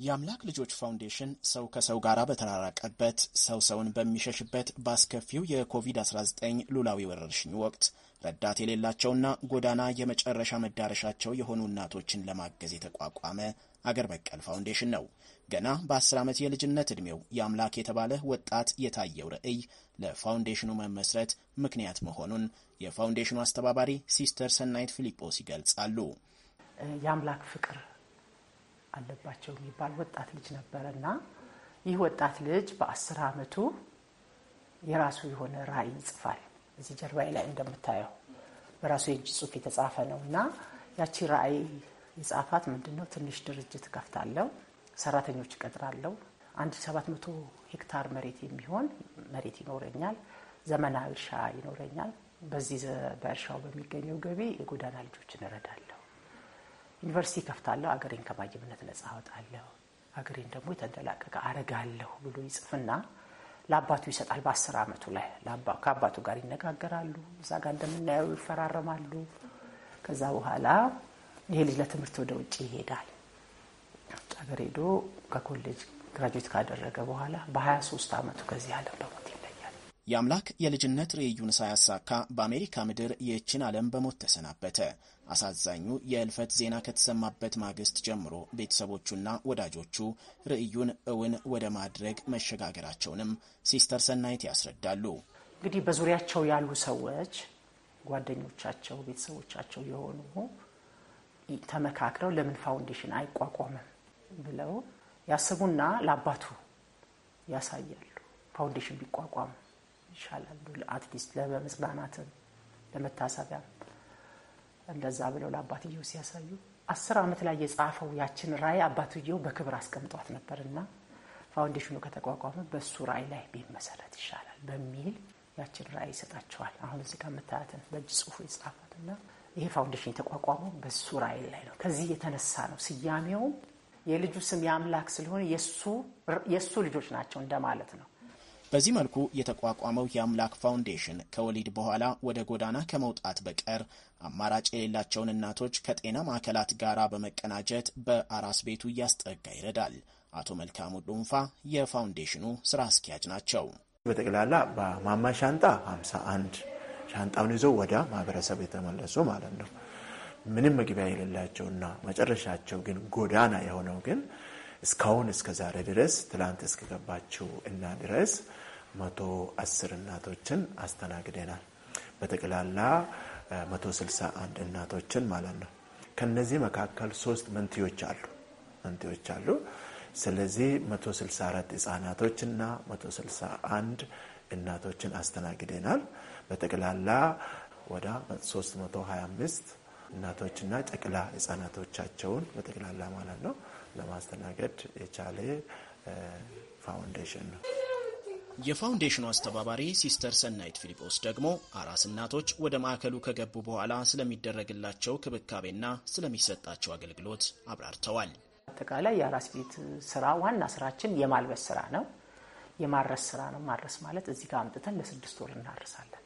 የአምላክ ልጆች ፋውንዴሽን ሰው ከሰው ጋር በተራራቀበት ሰው ሰውን በሚሸሽበት በአስከፊው የኮቪድ-19 ሉላዊ ወረርሽኝ ወቅት ረዳት የሌላቸውና ጎዳና የመጨረሻ መዳረሻቸው የሆኑ እናቶችን ለማገዝ የተቋቋመ አገር በቀል ፋውንዴሽን ነው። ገና በ10 ዓመት የልጅነት ዕድሜው የአምላክ የተባለ ወጣት የታየው ርዕይ ለፋውንዴሽኑ መመስረት ምክንያት መሆኑን የፋውንዴሽኑ አስተባባሪ ሲስተር ሰናይት ፊሊጶስ ይገልጻሉ። የአምላክ ፍቅር አለባቸው የሚባል ወጣት ልጅ ነበረ እና ይህ ወጣት ልጅ በአስር ዓመቱ የራሱ የሆነ ራዕይ ይጽፋል። እዚህ ጀርባዬ ላይ እንደምታየው በራሱ የእጅ ጽሑፍ የተጻፈ ነው እና ያቺ ራዕይ የጻፋት ምንድን ነው? ትንሽ ድርጅት ከፍታለው ሰራተኞች እቀጥራለሁ፣ አንድ ሰባት መቶ ሄክታር መሬት የሚሆን መሬት ይኖረኛል፣ ዘመናዊ እርሻ ይኖረኛል። በዚህ በእርሻው በሚገኘው ገቢ የጎዳና ልጆችን እረዳለሁ። ዩኒቨርሲቲ ከፍታለሁ፣ አገሬን ከማይምነት ነጻ አወጣለሁ፣ አገሬን ደግሞ የተንደላቀቀ አረጋለሁ ብሎ ይጽፍና ለአባቱ ይሰጣል። በአስር ዓመቱ ላይ ከአባቱ ጋር ይነጋገራሉ። እዛ ጋር እንደምናየው ይፈራረማሉ። ከዛ በኋላ ይሄ ልጅ ለትምህርት ወደ ውጭ ይሄዳል። ሀገር ሄዶ ከኮሌጅ ግራጁዌት ካደረገ በኋላ በ23 አመቱ ከዚህ አለም በሞት ይለያል። የአምላክ የልጅነት ርዕዩን ሳያሳካ በአሜሪካ ምድር ይህችን አለም በሞት ተሰናበተ። አሳዛኙ የእልፈት ዜና ከተሰማበት ማግስት ጀምሮ ቤተሰቦቹና ወዳጆቹ ርዕዩን እውን ወደ ማድረግ መሸጋገራቸውንም ሲስተር ሰናይት ያስረዳሉ። እንግዲህ በዙሪያቸው ያሉ ሰዎች ጓደኞቻቸው፣ ቤተሰቦቻቸው የሆኑ ተመካክረው ለምን ፋውንዴሽን አይቋቋምም ብለው ያስቡና ለአባቱ ያሳያሉ። ፋውንዴሽን ቢቋቋም ይሻላሉ፣ አትሊስት ለመጽናናትም ለመታሰቢያም እንደዛ ብለው ለአባትየው ሲያሳዩ አስር ዓመት ላይ የጻፈው ያችን ራእይ አባትየው በክብር አስቀምጧት ነበርና ፋውንዴሽኑ ከተቋቋመ በሱ ራእይ ላይ ቢመሰረት ይሻላል በሚል ያችን ራእይ ይሰጣቸዋል። አሁን እዚህ ጋር የምታያትን በእጅ ጽሁፉ የጻፋትና ይሄ ፋውንዴሽን የተቋቋመው በእሱ ራእይ ላይ ነው። ከዚህ የተነሳ ነው ስያሜውም የልጁ ስም የአምላክ ስለሆነ የእሱ ልጆች ናቸው እንደማለት ነው። በዚህ መልኩ የተቋቋመው የአምላክ ፋውንዴሽን ከወሊድ በኋላ ወደ ጎዳና ከመውጣት በቀር አማራጭ የሌላቸውን እናቶች ከጤና ማዕከላት ጋር በመቀናጀት በአራስ ቤቱ እያስጠጋ ይረዳል። አቶ መልካሙ ዱንፋ የፋውንዴሽኑ ስራ አስኪያጅ ናቸው። በጠቅላላ በማማ ሻንጣ 51 ሻንጣውን ይዘው ወደ ማህበረሰብ የተመለሱ ማለት ነው። ምንም መግቢያ የሌላቸውና መጨረሻቸው ግን ጎዳና የሆነው ግን እስካሁን እስከ ዛሬ ድረስ ትላንት እስከገባችው እና ድረስ መቶ አስር እናቶችን አስተናግደናል። በጠቅላላ መቶ ስልሳ አንድ እናቶችን ማለት ነው። ከነዚህ መካከል ሶስት መንትዮች አሉ መንትዮች አሉ። ስለዚህ መቶ ስልሳ አንድ እናቶችን አስተናግደናል። በጠቅላላ ወደ 325 እናቶችና ጨቅላ ህጻናቶቻቸውን በጠቅላላ ማለት ነው ለማስተናገድ የቻለ ፋውንዴሽን ነው። የፋውንዴሽኑ አስተባባሪ ሲስተር ሰናይት ፊሊጶስ ደግሞ አራስ እናቶች ወደ ማዕከሉ ከገቡ በኋላ ስለሚደረግላቸው ክብካቤና ስለሚሰጣቸው አገልግሎት አብራርተዋል። አጠቃላይ የአራስ ቤት ስራ ዋና ስራችን የማልበስ ስራ ነው፣ የማረስ ስራ ነው። ማድረስ ማለት እዚህ ጋር አምጥተን ለስድስት ወር እናርሳለን።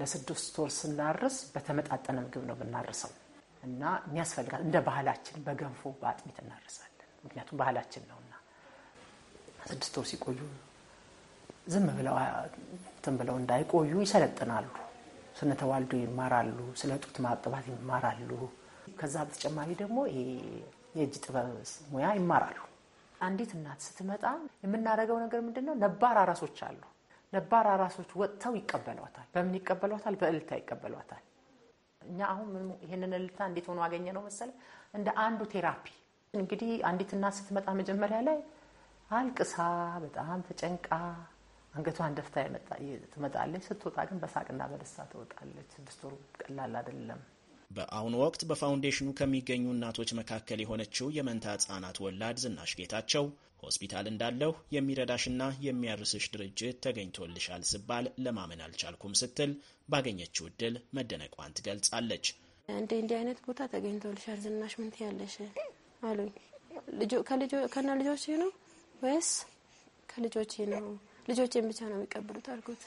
ለስድስት ወር ስናርስ በተመጣጠነ ምግብ ነው ብናርሰው። እና የሚያስፈልጋል እንደ ባህላችን በገንፎ በአጥሚት እናረሳለን። ምክንያቱም ባህላችን ነውና ስድስት ወር ሲቆዩ ዝም ብለው እንትን ብለው እንዳይቆዩ ይሰለጥናሉ። ስነ ተዋልዶ ይማራሉ፣ ስለ ጡት ማጥባት ይማራሉ። ከዛ በተጨማሪ ደግሞ የእጅ ጥበብ ሙያ ይማራሉ። አንዲት እናት ስትመጣ የምናደርገው ነገር ምንድን ነው? ነባር አራሶች አሉ። ነባር አራሶች ወጥተው ይቀበሏታል። በምን ይቀበሏታል? በእልታ ይቀበሏታል። እኛ አሁን ይህንን እልልታ እንዴት ሆኖ አገኘ ነው መሰለ እንደ አንዱ ቴራፒ። እንግዲህ አንዲት እናት ስትመጣ መጀመሪያ ላይ አልቅሳ በጣም ተጨንቃ አንገቷን ደፍታ ትመጣለች። ስትወጣ ግን በሳቅና በደስታ ትወጣለች። ስድስት ወሩ ቀላል አይደለም። በአሁኑ ወቅት በፋውንዴሽኑ ከሚገኙ እናቶች መካከል የሆነችው የመንታ ህጻናት ወላድ ዝናሽ ጌታቸው ሆስፒታል እንዳለሁ የሚረዳሽና የሚያርስሽ ድርጅት ተገኝቶልሻል ስባል ለማመን አልቻልኩም ስትል ባገኘችው እድል መደነቋን ትገልጻለች። እንደ እንዲህ አይነት ቦታ ተገኝቶልሻል ዝናሽ ምንት ያለሽ አሉኝ። ከነ ልጆች ነው ወይስ ከልጆች ነው? ልጆችን ብቻ ነው የሚቀብሉት አልኩት።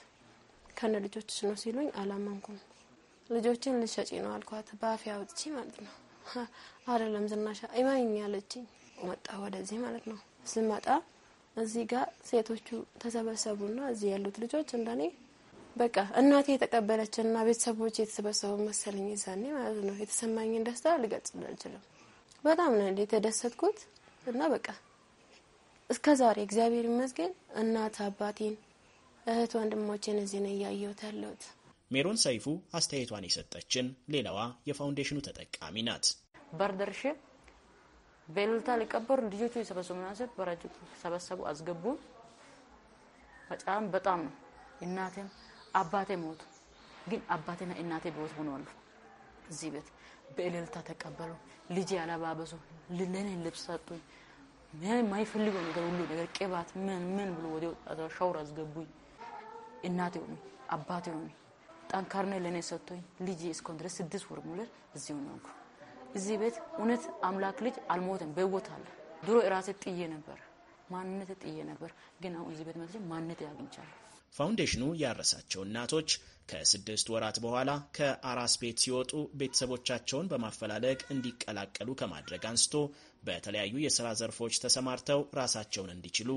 ከነ ልጆች ነው ሲሉኝ አላመንኩም። ልጆችን ልሸጪ ነው አልኳት፣ በአፌ አውጥቼ ማለት ነው። አይደለም ዝናሻ እመኝ ያለችኝ መጣ ወደዚህ ማለት ነው ስመጣ እዚህ ጋር ሴቶቹ ተሰበሰቡና እዚህ ያሉት ልጆች እንደኔ በቃ እናቴ የተቀበለችና ቤተሰቦች የተሰበሰቡ መሰለኝ ይዛኔ ማለት ነው። የተሰማኝን ደስታ ልገልጽ አልችልም። በጣም ነው የተደሰትኩት እና በቃ እስከ ዛሬ እግዚአብሔር ይመስገን እናት አባቴን፣ እህት ወንድሞቼን እዚህ ነው እያየሁት ያለሁት። ሜሮን ሰይፉ አስተያየቷን የሰጠችን ሌላዋ የፋውንዴሽኑ ተጠቃሚ ናት። በርደርሽፕ በእልልታ ሊቀበሩ ልጆቹ የሰበሰቡ ምናምን በራጅ ሰበሰቡ አስገቡ። በጣም በጣም ነው። እናቴም አባቴ ሞቱ። ግን አባቴና እናቴ በህይወት ሆኖ አሉ። እዚህ ቤት በእልልታ ተቀበሉ። ልጅ ያለባበሱ ለኔ ልብስ ሰጡኝ። የማይፈልገው ነገር ሁሉ ነገር ቅባት፣ ምን ምን ብሎ ወዲያው ሻወር አስገቡኝ። እናቴ ሆኑኝ፣ አባቴ ሆኑኝ፣ ጠንካርነ ለእኔ ሰጥቶኝ ልጅ እስኮን ድረስ ስድስት ወር ሙሉ እዚሁ ነው። እዚህ ቤት እውነት አምላክ ልጅ አልሞተም፣ በህይወት አለ። ድሮ የራሴ ጥዬ ነበር፣ ማንነት ጥዬ ነበር። ግን አሁን እዚህ ቤት መጥቼ ማንነት ያግኝቻለሁ። ፋውንዴሽኑ ያረሳቸው እናቶች ከስድስት ወራት በኋላ ከአራስ ቤት ሲወጡ ቤተሰቦቻቸውን በማፈላለግ እንዲቀላቀሉ ከማድረግ አንስቶ በተለያዩ የሥራ ዘርፎች ተሰማርተው ራሳቸውን እንዲችሉ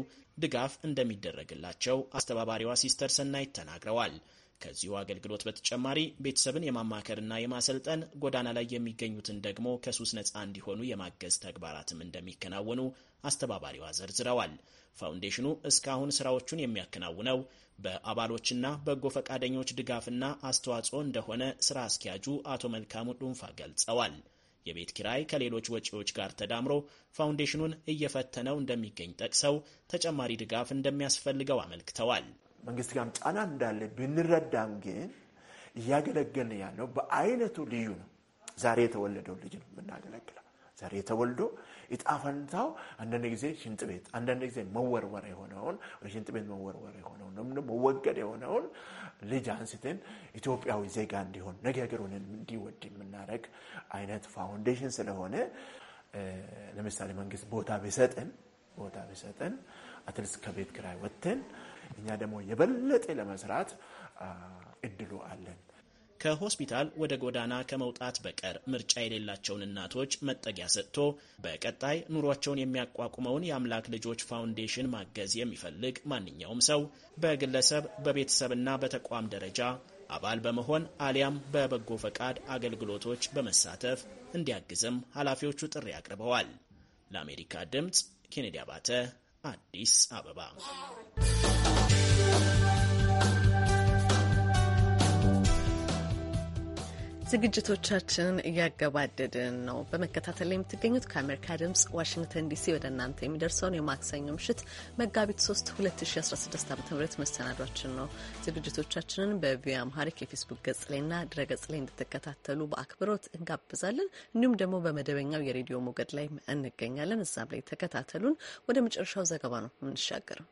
ድጋፍ እንደሚደረግላቸው አስተባባሪዋ ሲስተር ሰናይት ተናግረዋል። ከዚሁ አገልግሎት በተጨማሪ ቤተሰብን የማማከርና የማሰልጠን ጎዳና ላይ የሚገኙትን ደግሞ ከሱስ ነፃ እንዲሆኑ የማገዝ ተግባራትም እንደሚከናወኑ አስተባባሪዋ ዘርዝረዋል። ፋውንዴሽኑ እስካሁን ስራዎቹን የሚያከናውነው በአባሎችና በጎ ፈቃደኞች ድጋፍና አስተዋጽኦ እንደሆነ ስራ አስኪያጁ አቶ መልካሙ ዱንፋ ገልጸዋል። የቤት ኪራይ ከሌሎች ወጪዎች ጋር ተዳምሮ ፋውንዴሽኑን እየፈተነው እንደሚገኝ ጠቅሰው ተጨማሪ ድጋፍ እንደሚያስፈልገው አመልክተዋል። መንግስት ጋርም ጫና እንዳለ ብንረዳም ግን እያገለገልን ያለው በአይነቱ ልዩ ነው። ዛሬ የተወለደው ልጅ ነው የምናገለግለው። ዛሬ የተወልዶ እጣ ፈንታው አንዳንድ ጊዜ ሽንጥ ቤት፣ አንዳንድ ጊዜ መወርወር የሆነውን ወደ ሽንጥ ቤት መወርወር የሆነውን መወገድ የሆነውን ልጅ አንስትን ኢትዮጵያዊ ዜጋ እንዲሆን ነገ ሀገሩን እንዲወድ የምናደርግ አይነት ፋውንዴሽን ስለሆነ ለምሳሌ መንግስት ቦታ ቢሰጥን ቦታ ቢሰጥን አትሊስት ከቤት ክራይ ወጥተን እኛ ደግሞ የበለጠ ለመስራት እድሉ አለን። ከሆስፒታል ወደ ጎዳና ከመውጣት በቀር ምርጫ የሌላቸውን እናቶች መጠጊያ ሰጥቶ በቀጣይ ኑሯቸውን የሚያቋቁመውን የአምላክ ልጆች ፋውንዴሽን ማገዝ የሚፈልግ ማንኛውም ሰው በግለሰብ በቤተሰብና በተቋም ደረጃ አባል በመሆን አሊያም በበጎ ፈቃድ አገልግሎቶች በመሳተፍ እንዲያግዝም ኃላፊዎቹ ጥሪ አቅርበዋል። ለአሜሪካ ድምፅ ኬኔዲ አባተ አዲስ አበባ ዝግጅቶቻችንን እያገባደድን ነው። በመከታተል ላይ የምትገኙት ከአሜሪካ ድምጽ ዋሽንግተን ዲሲ ወደ እናንተ የሚደርሰውን የማክሰኞ ምሽት መጋቢት 3 2016 ዓ ም መሰናዷችን ነው። ዝግጅቶቻችንን በቪ አምሃሪክ የፌስቡክ ገጽ ላይና ድረ ገጽ ላይ እንድትከታተሉ በአክብሮት እንጋብዛለን። እንዲሁም ደግሞ በመደበኛው የሬዲዮ ሞገድ ላይ እንገኛለን። እዛም ላይ ተከታተሉን። ወደ መጨረሻው ዘገባ ነው የምንሻገረው።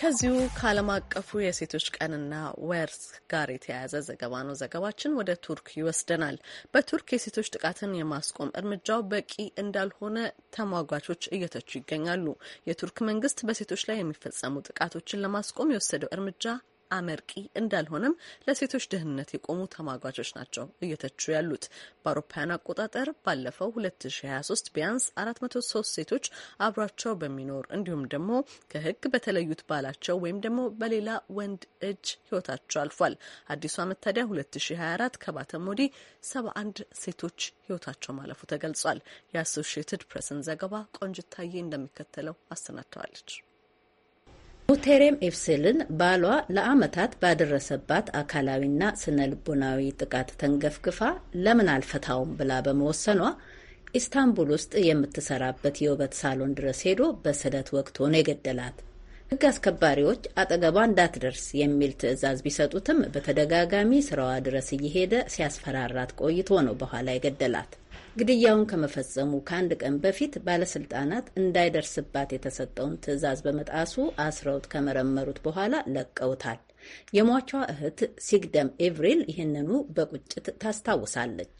ከዚሁ ከዓለም አቀፉ የሴቶች ቀንና ወርስ ጋር የተያያዘ ዘገባ ነው። ዘገባችን ወደ ቱርክ ይወስደናል። በቱርክ የሴቶች ጥቃትን የማስቆም እርምጃው በቂ እንዳልሆነ ተሟጋቾች እየተቹ ይገኛሉ። የቱርክ መንግስት በሴቶች ላይ የሚፈጸሙ ጥቃቶችን ለማስቆም የወሰደው እርምጃ አመርቂ እንዳልሆነም ለሴቶች ደህንነት የቆሙ ተሟጋቾች ናቸው እየተቹ ያሉት። በአውሮፓውያን አቆጣጠር ባለፈው 2023 ቢያንስ 403 ሴቶች አብሯቸው በሚኖር እንዲሁም ደግሞ ከህግ በተለዩት ባላቸው ወይም ደግሞ በሌላ ወንድ እጅ ህይወታቸው አልፏል። አዲሱ ዓመት ታዲያ 2024 ከባተም ወዲህ 71 ሴቶች ህይወታቸው ማለፉ ተገልጿል። የአሶሽየትድ ፕሬስን ዘገባ ቆንጅታዬ እንደሚከተለው አሰናድተዋለች። ሙቴሬም ኤፍሴልን ባሏ ለአመታት ባደረሰባት አካላዊና ስነ ልቦናዊ ጥቃት ተንገፍግፋ ለምን አልፈታውም ብላ በመወሰኗ ኢስታንቡል ውስጥ የምትሰራበት የውበት ሳሎን ድረስ ሄዶ በስለት ወቅቶ ሆኖ የገደላት። ሕግ አስከባሪዎች አጠገቧ እንዳትደርስ የሚል ትዕዛዝ ቢሰጡትም በተደጋጋሚ ስራዋ ድረስ እየሄደ ሲያስፈራራት ቆይቶ ነው በኋላ የገደላት። ግድያውን ከመፈጸሙ ከአንድ ቀን በፊት ባለስልጣናት እንዳይደርስባት የተሰጠውን ትዕዛዝ በመጣሱ አስረውት ከመረመሩት በኋላ ለቀውታል። የሟቿ እህት ሲግደም ኤቭሪል ይህንኑ በቁጭት ታስታውሳለች።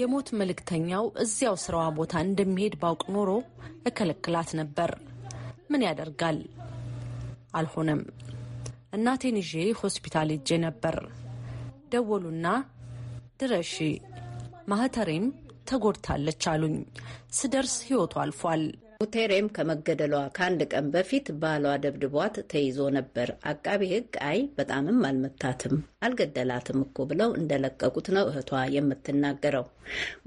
የሞት መልእክተኛው እዚያው ስራዋ ቦታ እንደሚሄድ ባውቅ ኖሮ እከለክላት ነበር። ምን ያደርጋል፣ አልሆነም። እናቴን ይዤ ሆስፒታል ሄጄ ነበር። ደወሉና ድረሺ፣ ማህተሬም ተጎድታለች አሉኝ። ስደርስ ህይወቱ አልፏል። ሙቴሬም ከመገደሏ ከአንድ ቀን በፊት ባሏ ደብድቧት ተይዞ ነበር። አቃቢ ህግ አይ በጣምም አልመታትም አልገደላትም እኮ ብለው እንደለቀቁት ነው እህቷ የምትናገረው።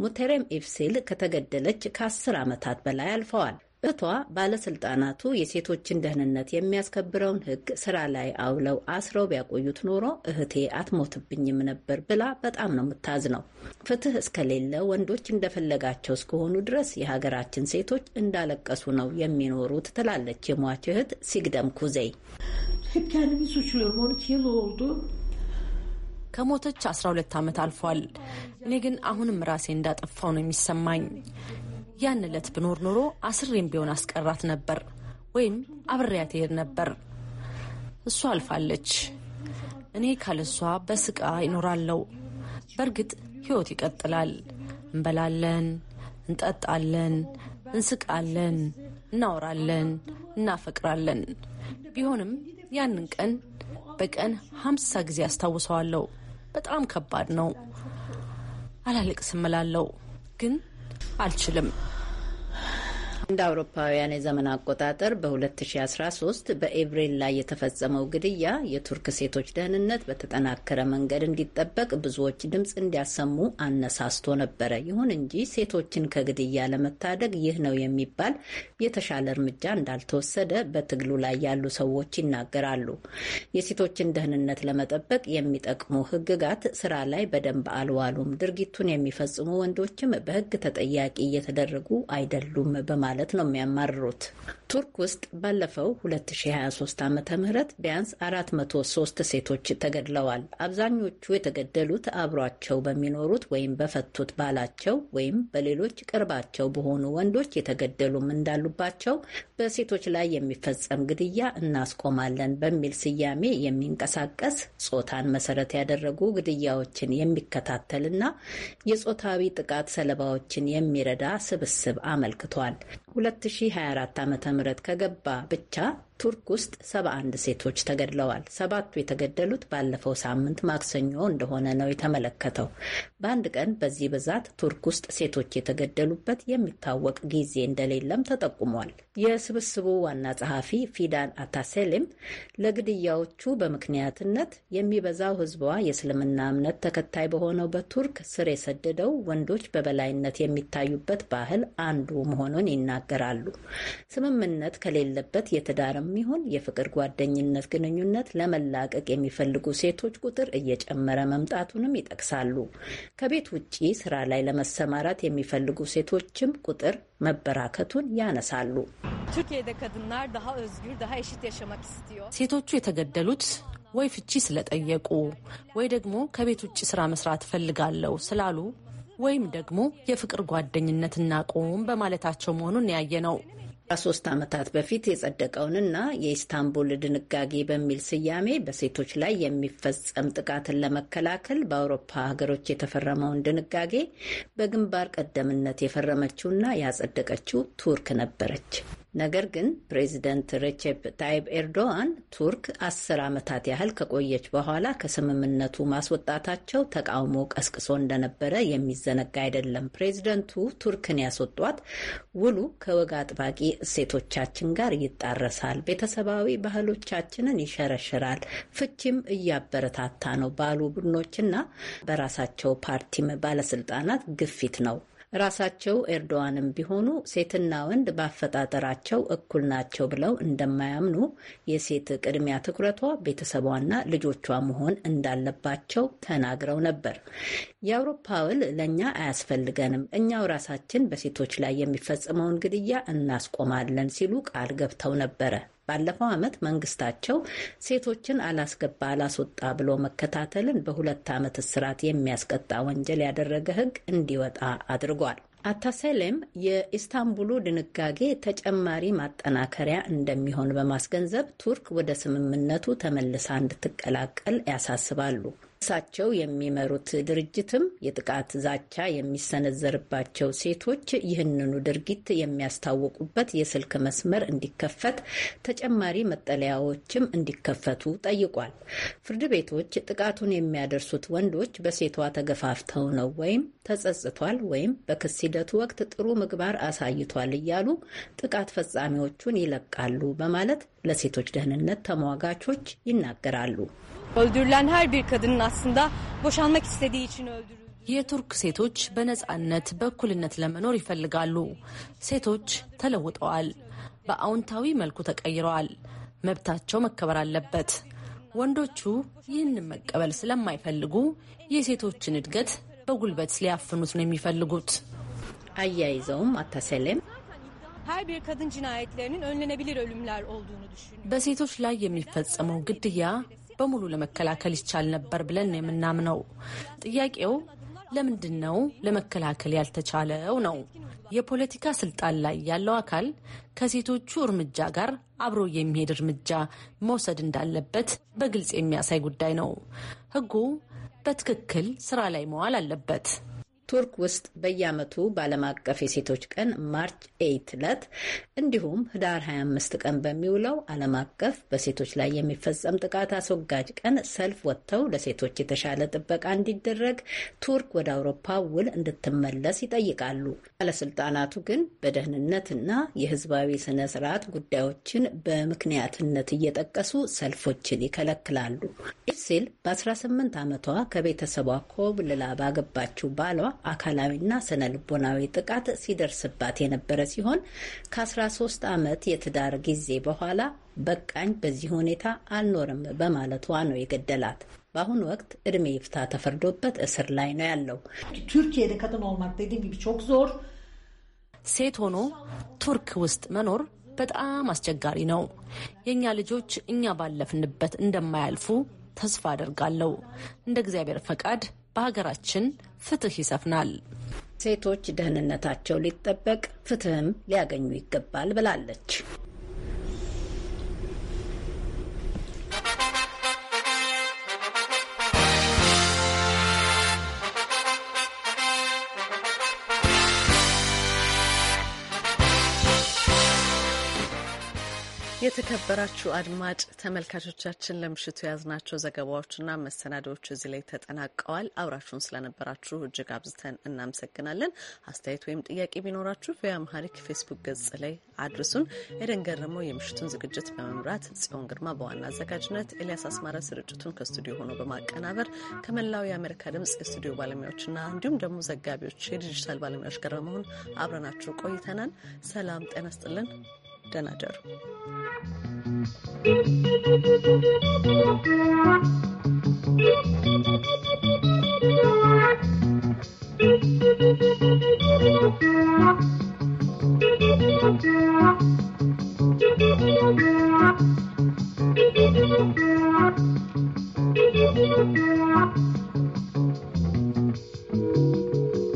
ሙቴሬም ኢፍሲል ከተገደለች ከአስር ዓመታት በላይ አልፈዋል። እህቷ ባለስልጣናቱ የሴቶችን ደህንነት የሚያስከብረውን ሕግ ስራ ላይ አውለው አስረው ቢያቆዩት ኖሮ እህቴ አትሞትብኝም ነበር ብላ በጣም ነው የምታዝ ነው። ፍትህ እስከሌለ ወንዶች እንደፈለጋቸው እስከሆኑ ድረስ የሀገራችን ሴቶች እንዳለቀሱ ነው የሚኖሩት ትላለች የሟች እህት ሲግደም ኩዘይ። ከሞተች 12 ዓመት አልፏል። እኔ ግን አሁንም ራሴ እንዳጠፋው ነው የሚሰማኝ። ያን ዕለት ብኖር ኖሮ አስሬም ቢሆን አስቀራት ነበር ወይም አብሬያት ሄድ ነበር። እሷ አልፋለች። እኔ ካለሷ በስቃ ይኖራለሁ። በእርግጥ ሕይወት ይቀጥላል። እንበላለን፣ እንጠጣለን፣ እንስቃለን፣ እናወራለን፣ እናፈቅራለን። ቢሆንም ያንን ቀን በቀን ሀምሳ ጊዜ አስታውሰዋለሁ። በጣም ከባድ ነው። አላለቅስም እላለሁ ግን አልችልም። እንደ አውሮፓውያን የዘመን አቆጣጠር በ2013 በኤብሪል ላይ የተፈጸመው ግድያ የቱርክ ሴቶች ደህንነት በተጠናከረ መንገድ እንዲጠበቅ ብዙዎች ድምፅ እንዲያሰሙ አነሳስቶ ነበረ። ይሁን እንጂ ሴቶችን ከግድያ ለመታደግ ይህ ነው የሚባል የተሻለ እርምጃ እንዳልተወሰደ በትግሉ ላይ ያሉ ሰዎች ይናገራሉ። የሴቶችን ደህንነት ለመጠበቅ የሚጠቅሙ ህግጋት ስራ ላይ በደንብ አልዋሉም። ድርጊቱን የሚፈጽሙ ወንዶችም በህግ ተጠያቂ እየተደረጉ አይደሉም በማለት በማለት ነው የሚያማርሩት። ቱርክ ውስጥ ባለፈው 2023 ዓ ም ቢያንስ 403 ሴቶች ተገድለዋል። አብዛኞቹ የተገደሉት አብሯቸው በሚኖሩት ወይም በፈቱት ባላቸው ወይም በሌሎች ቅርባቸው በሆኑ ወንዶች የተገደሉም እንዳሉባቸው በሴቶች ላይ የሚፈጸም ግድያ እናስቆማለን በሚል ስያሜ የሚንቀሳቀስ ጾታን መሰረት ያደረጉ ግድያዎችን የሚከታተልና የጾታዊ ጥቃት ሰለባዎችን የሚረዳ ስብስብ አመልክቷል። 2024 ዓ ም ከገባ ብቻ ቱርክ ውስጥ 71 ሴቶች ተገድለዋል። ሰባቱ የተገደሉት ባለፈው ሳምንት ማክሰኞ እንደሆነ ነው የተመለከተው። በአንድ ቀን በዚህ ብዛት ቱርክ ውስጥ ሴቶች የተገደሉበት የሚታወቅ ጊዜ እንደሌለም ተጠቁሟል። የስብስቡ ዋና ጸሐፊ ፊዳን አታሴሌም ለግድያዎቹ በምክንያትነት የሚበዛው ሕዝቧ የእስልምና እምነት ተከታይ በሆነው በቱርክ ስር የሰደደው ወንዶች በበላይነት የሚታዩበት ባህል አንዱ መሆኑን ይናገራሉ። ስምምነት ከሌለበት የትዳርም ይሁን የፍቅር ጓደኝነት ግንኙነት ለመላቀቅ የሚፈልጉ ሴቶች ቁጥር እየጨመረ መምጣቱንም ይጠቅሳሉ። ከቤት ውጭ ስራ ላይ ለመሰማራት የሚፈልጉ ሴቶችም ቁጥር መበራከቱን ያነሳሉ። ሴቶቹ የተገደሉት ወይ ፍቺ ስለጠየቁ ወይ ደግሞ ከቤት ውጭ ስራ መስራት እፈልጋለሁ ስላሉ ወይም ደግሞ የፍቅር ጓደኝነት እናቁም በማለታቸው መሆኑን ያየ ነው። ከሶስት ዓመታት በፊት የጸደቀውንና የኢስታንቡል ድንጋጌ በሚል ስያሜ በሴቶች ላይ የሚፈጸም ጥቃትን ለመከላከል በአውሮፓ ሀገሮች የተፈረመውን ድንጋጌ በግንባር ቀደምነት የፈረመችውና ያጸደቀችው ቱርክ ነበረች። ነገር ግን ፕሬዚደንት ሬቼፕ ታይብ ኤርዶዋን ቱርክ አስር ዓመታት ያህል ከቆየች በኋላ ከስምምነቱ ማስወጣታቸው ተቃውሞ ቀስቅሶ እንደነበረ የሚዘነጋ አይደለም። ፕሬዚደንቱ ቱርክን ያስወጧት ውሉ ከወግ አጥባቂ እሴቶቻችን ጋር ይጣረሳል፣ ቤተሰባዊ ባህሎቻችንን ይሸረሽራል፣ ፍቺም እያበረታታ ነው ባሉ ቡድኖችና በራሳቸው ፓርቲም ባለስልጣናት ግፊት ነው ራሳቸው ኤርዶዋንም ቢሆኑ ሴትና ወንድ በአፈጣጠራቸው እኩል ናቸው ብለው እንደማያምኑ፣ የሴት ቅድሚያ ትኩረቷ ቤተሰቧና ልጆቿ መሆን እንዳለባቸው ተናግረው ነበር። የአውሮፓ ውል ለእኛ አያስፈልገንም፣ እኛው ራሳችን በሴቶች ላይ የሚፈጽመውን ግድያ እናስቆማለን ሲሉ ቃል ገብተው ነበረ። ባለፈው ዓመት መንግስታቸው ሴቶችን አላስገባ አላስወጣ ብሎ መከታተልን በሁለት ዓመት እስራት የሚያስቀጣ ወንጀል ያደረገ ህግ እንዲወጣ አድርጓል። አታሰሌም የኢስታንቡሉ ድንጋጌ ተጨማሪ ማጠናከሪያ እንደሚሆን በማስገንዘብ ቱርክ ወደ ስምምነቱ ተመልሳ እንድትቀላቀል ያሳስባሉ። እሳቸው የሚመሩት ድርጅትም የጥቃት ዛቻ የሚሰነዘርባቸው ሴቶች ይህንኑ ድርጊት የሚያስታውቁበት የስልክ መስመር እንዲከፈት፣ ተጨማሪ መጠለያዎችም እንዲከፈቱ ጠይቋል። ፍርድ ቤቶች ጥቃቱን የሚያደርሱት ወንዶች በሴቷ ተገፋፍተው ነው ወይም ተጸጽቷል ወይም በክስ ሂደቱ ወቅት ጥሩ ምግባር አሳይቷል እያሉ ጥቃት ፈጻሚዎቹን ይለቃሉ በማለት ለሴቶች ደህንነት ተሟጋቾች ይናገራሉ። Öldürülen her bir kadının aslında boşanmak istediği için öldürüldü. የቱርክ ሴቶች በነጻነት በእኩልነት ለመኖር ይፈልጋሉ። ሴቶች ተለውጠዋል። በአዎንታዊ መልኩ ተቀይረዋል። መብታቸው መከበር አለበት። ወንዶቹ ይህንን መቀበል ስለማይፈልጉ የሴቶችን እድገት በጉልበት ሊያፍኑት ነው የሚፈልጉት። አያይዘውም አታሰሌም በሴቶች ላይ የሚፈጸመው ግድያ በሙሉ ለመከላከል ይቻል ነበር ብለን የምናምነው። ጥያቄው ለምንድን ነው ለመከላከል ያልተቻለው ነው። የፖለቲካ ስልጣን ላይ ያለው አካል ከሴቶቹ እርምጃ ጋር አብሮ የሚሄድ እርምጃ መውሰድ እንዳለበት በግልጽ የሚያሳይ ጉዳይ ነው። ህጉ በትክክል ስራ ላይ መዋል አለበት። ቱርክ ውስጥ በየዓመቱ በዓለም አቀፍ የሴቶች ቀን ማርች ኤይት ዕለት እንዲሁም ህዳር 25 ቀን በሚውለው ዓለም አቀፍ በሴቶች ላይ የሚፈጸም ጥቃት አስወጋጅ ቀን ሰልፍ ወጥተው ለሴቶች የተሻለ ጥበቃ እንዲደረግ ቱርክ ወደ አውሮፓ ውል እንድትመለስ ይጠይቃሉ። ባለስልጣናቱ ግን በደህንነትና የህዝባዊ ስነ ስርዓት ጉዳዮችን በምክንያትነት እየጠቀሱ ሰልፎችን ይከለክላሉ ሲል በ18 ዓመቷ ከቤተሰቧ ኮብልላ ባገባችው ባሏ አካላዊና ስነ ልቦናዊ ጥቃት ሲደርስባት የነበረ ሲሆን ከ13 ዓመት የትዳር ጊዜ በኋላ በቃኝ፣ በዚህ ሁኔታ አልኖርም በማለቷ ነው የገደላት። በአሁኑ ወቅት እድሜ ይፍታ ተፈርዶበት እስር ላይ ነው ያለው። ሴት ሆኖ ቱርክ ውስጥ መኖር በጣም አስቸጋሪ ነው። የእኛ ልጆች እኛ ባለፍንበት እንደማያልፉ ተስፋ አደርጋለሁ። እንደ እግዚአብሔር ፈቃድ በሀገራችን ፍትህ ይሰፍናል። ሴቶች ደህንነታቸው ሊጠበቅ ፍትህም ሊያገኙ ይገባል ብላለች። የተከበራችሁ አድማጭ ተመልካቾቻችን ለምሽቱ የያዝናቸው ዘገባዎችና መሰናዶዎች እዚህ ላይ ተጠናቀዋል። አብራችሁን ስለነበራችሁ እጅግ አብዝተን እናመሰግናለን። አስተያየት ወይም ጥያቄ ቢኖራችሁ በአምሃሪክ ፌስቡክ ገጽ ላይ አድርሱን። ኤደን ገረመው የምሽቱን ዝግጅት በመምራት ጽዮን ግርማ በዋና አዘጋጅነት፣ ኤልያስ አስማረ ስርጭቱን ከስቱዲዮ ሆኖ በማቀናበር ከመላው የአሜሪካ ድምጽ የስቱዲዮ ባለሙያዎችና እንዲሁም ደግሞ ዘጋቢዎች፣ የዲጂታል ባለሙያዎች ጋር በመሆን አብረናችሁ ቆይተናል። ሰላም ጤና ደናደሩ Thank you.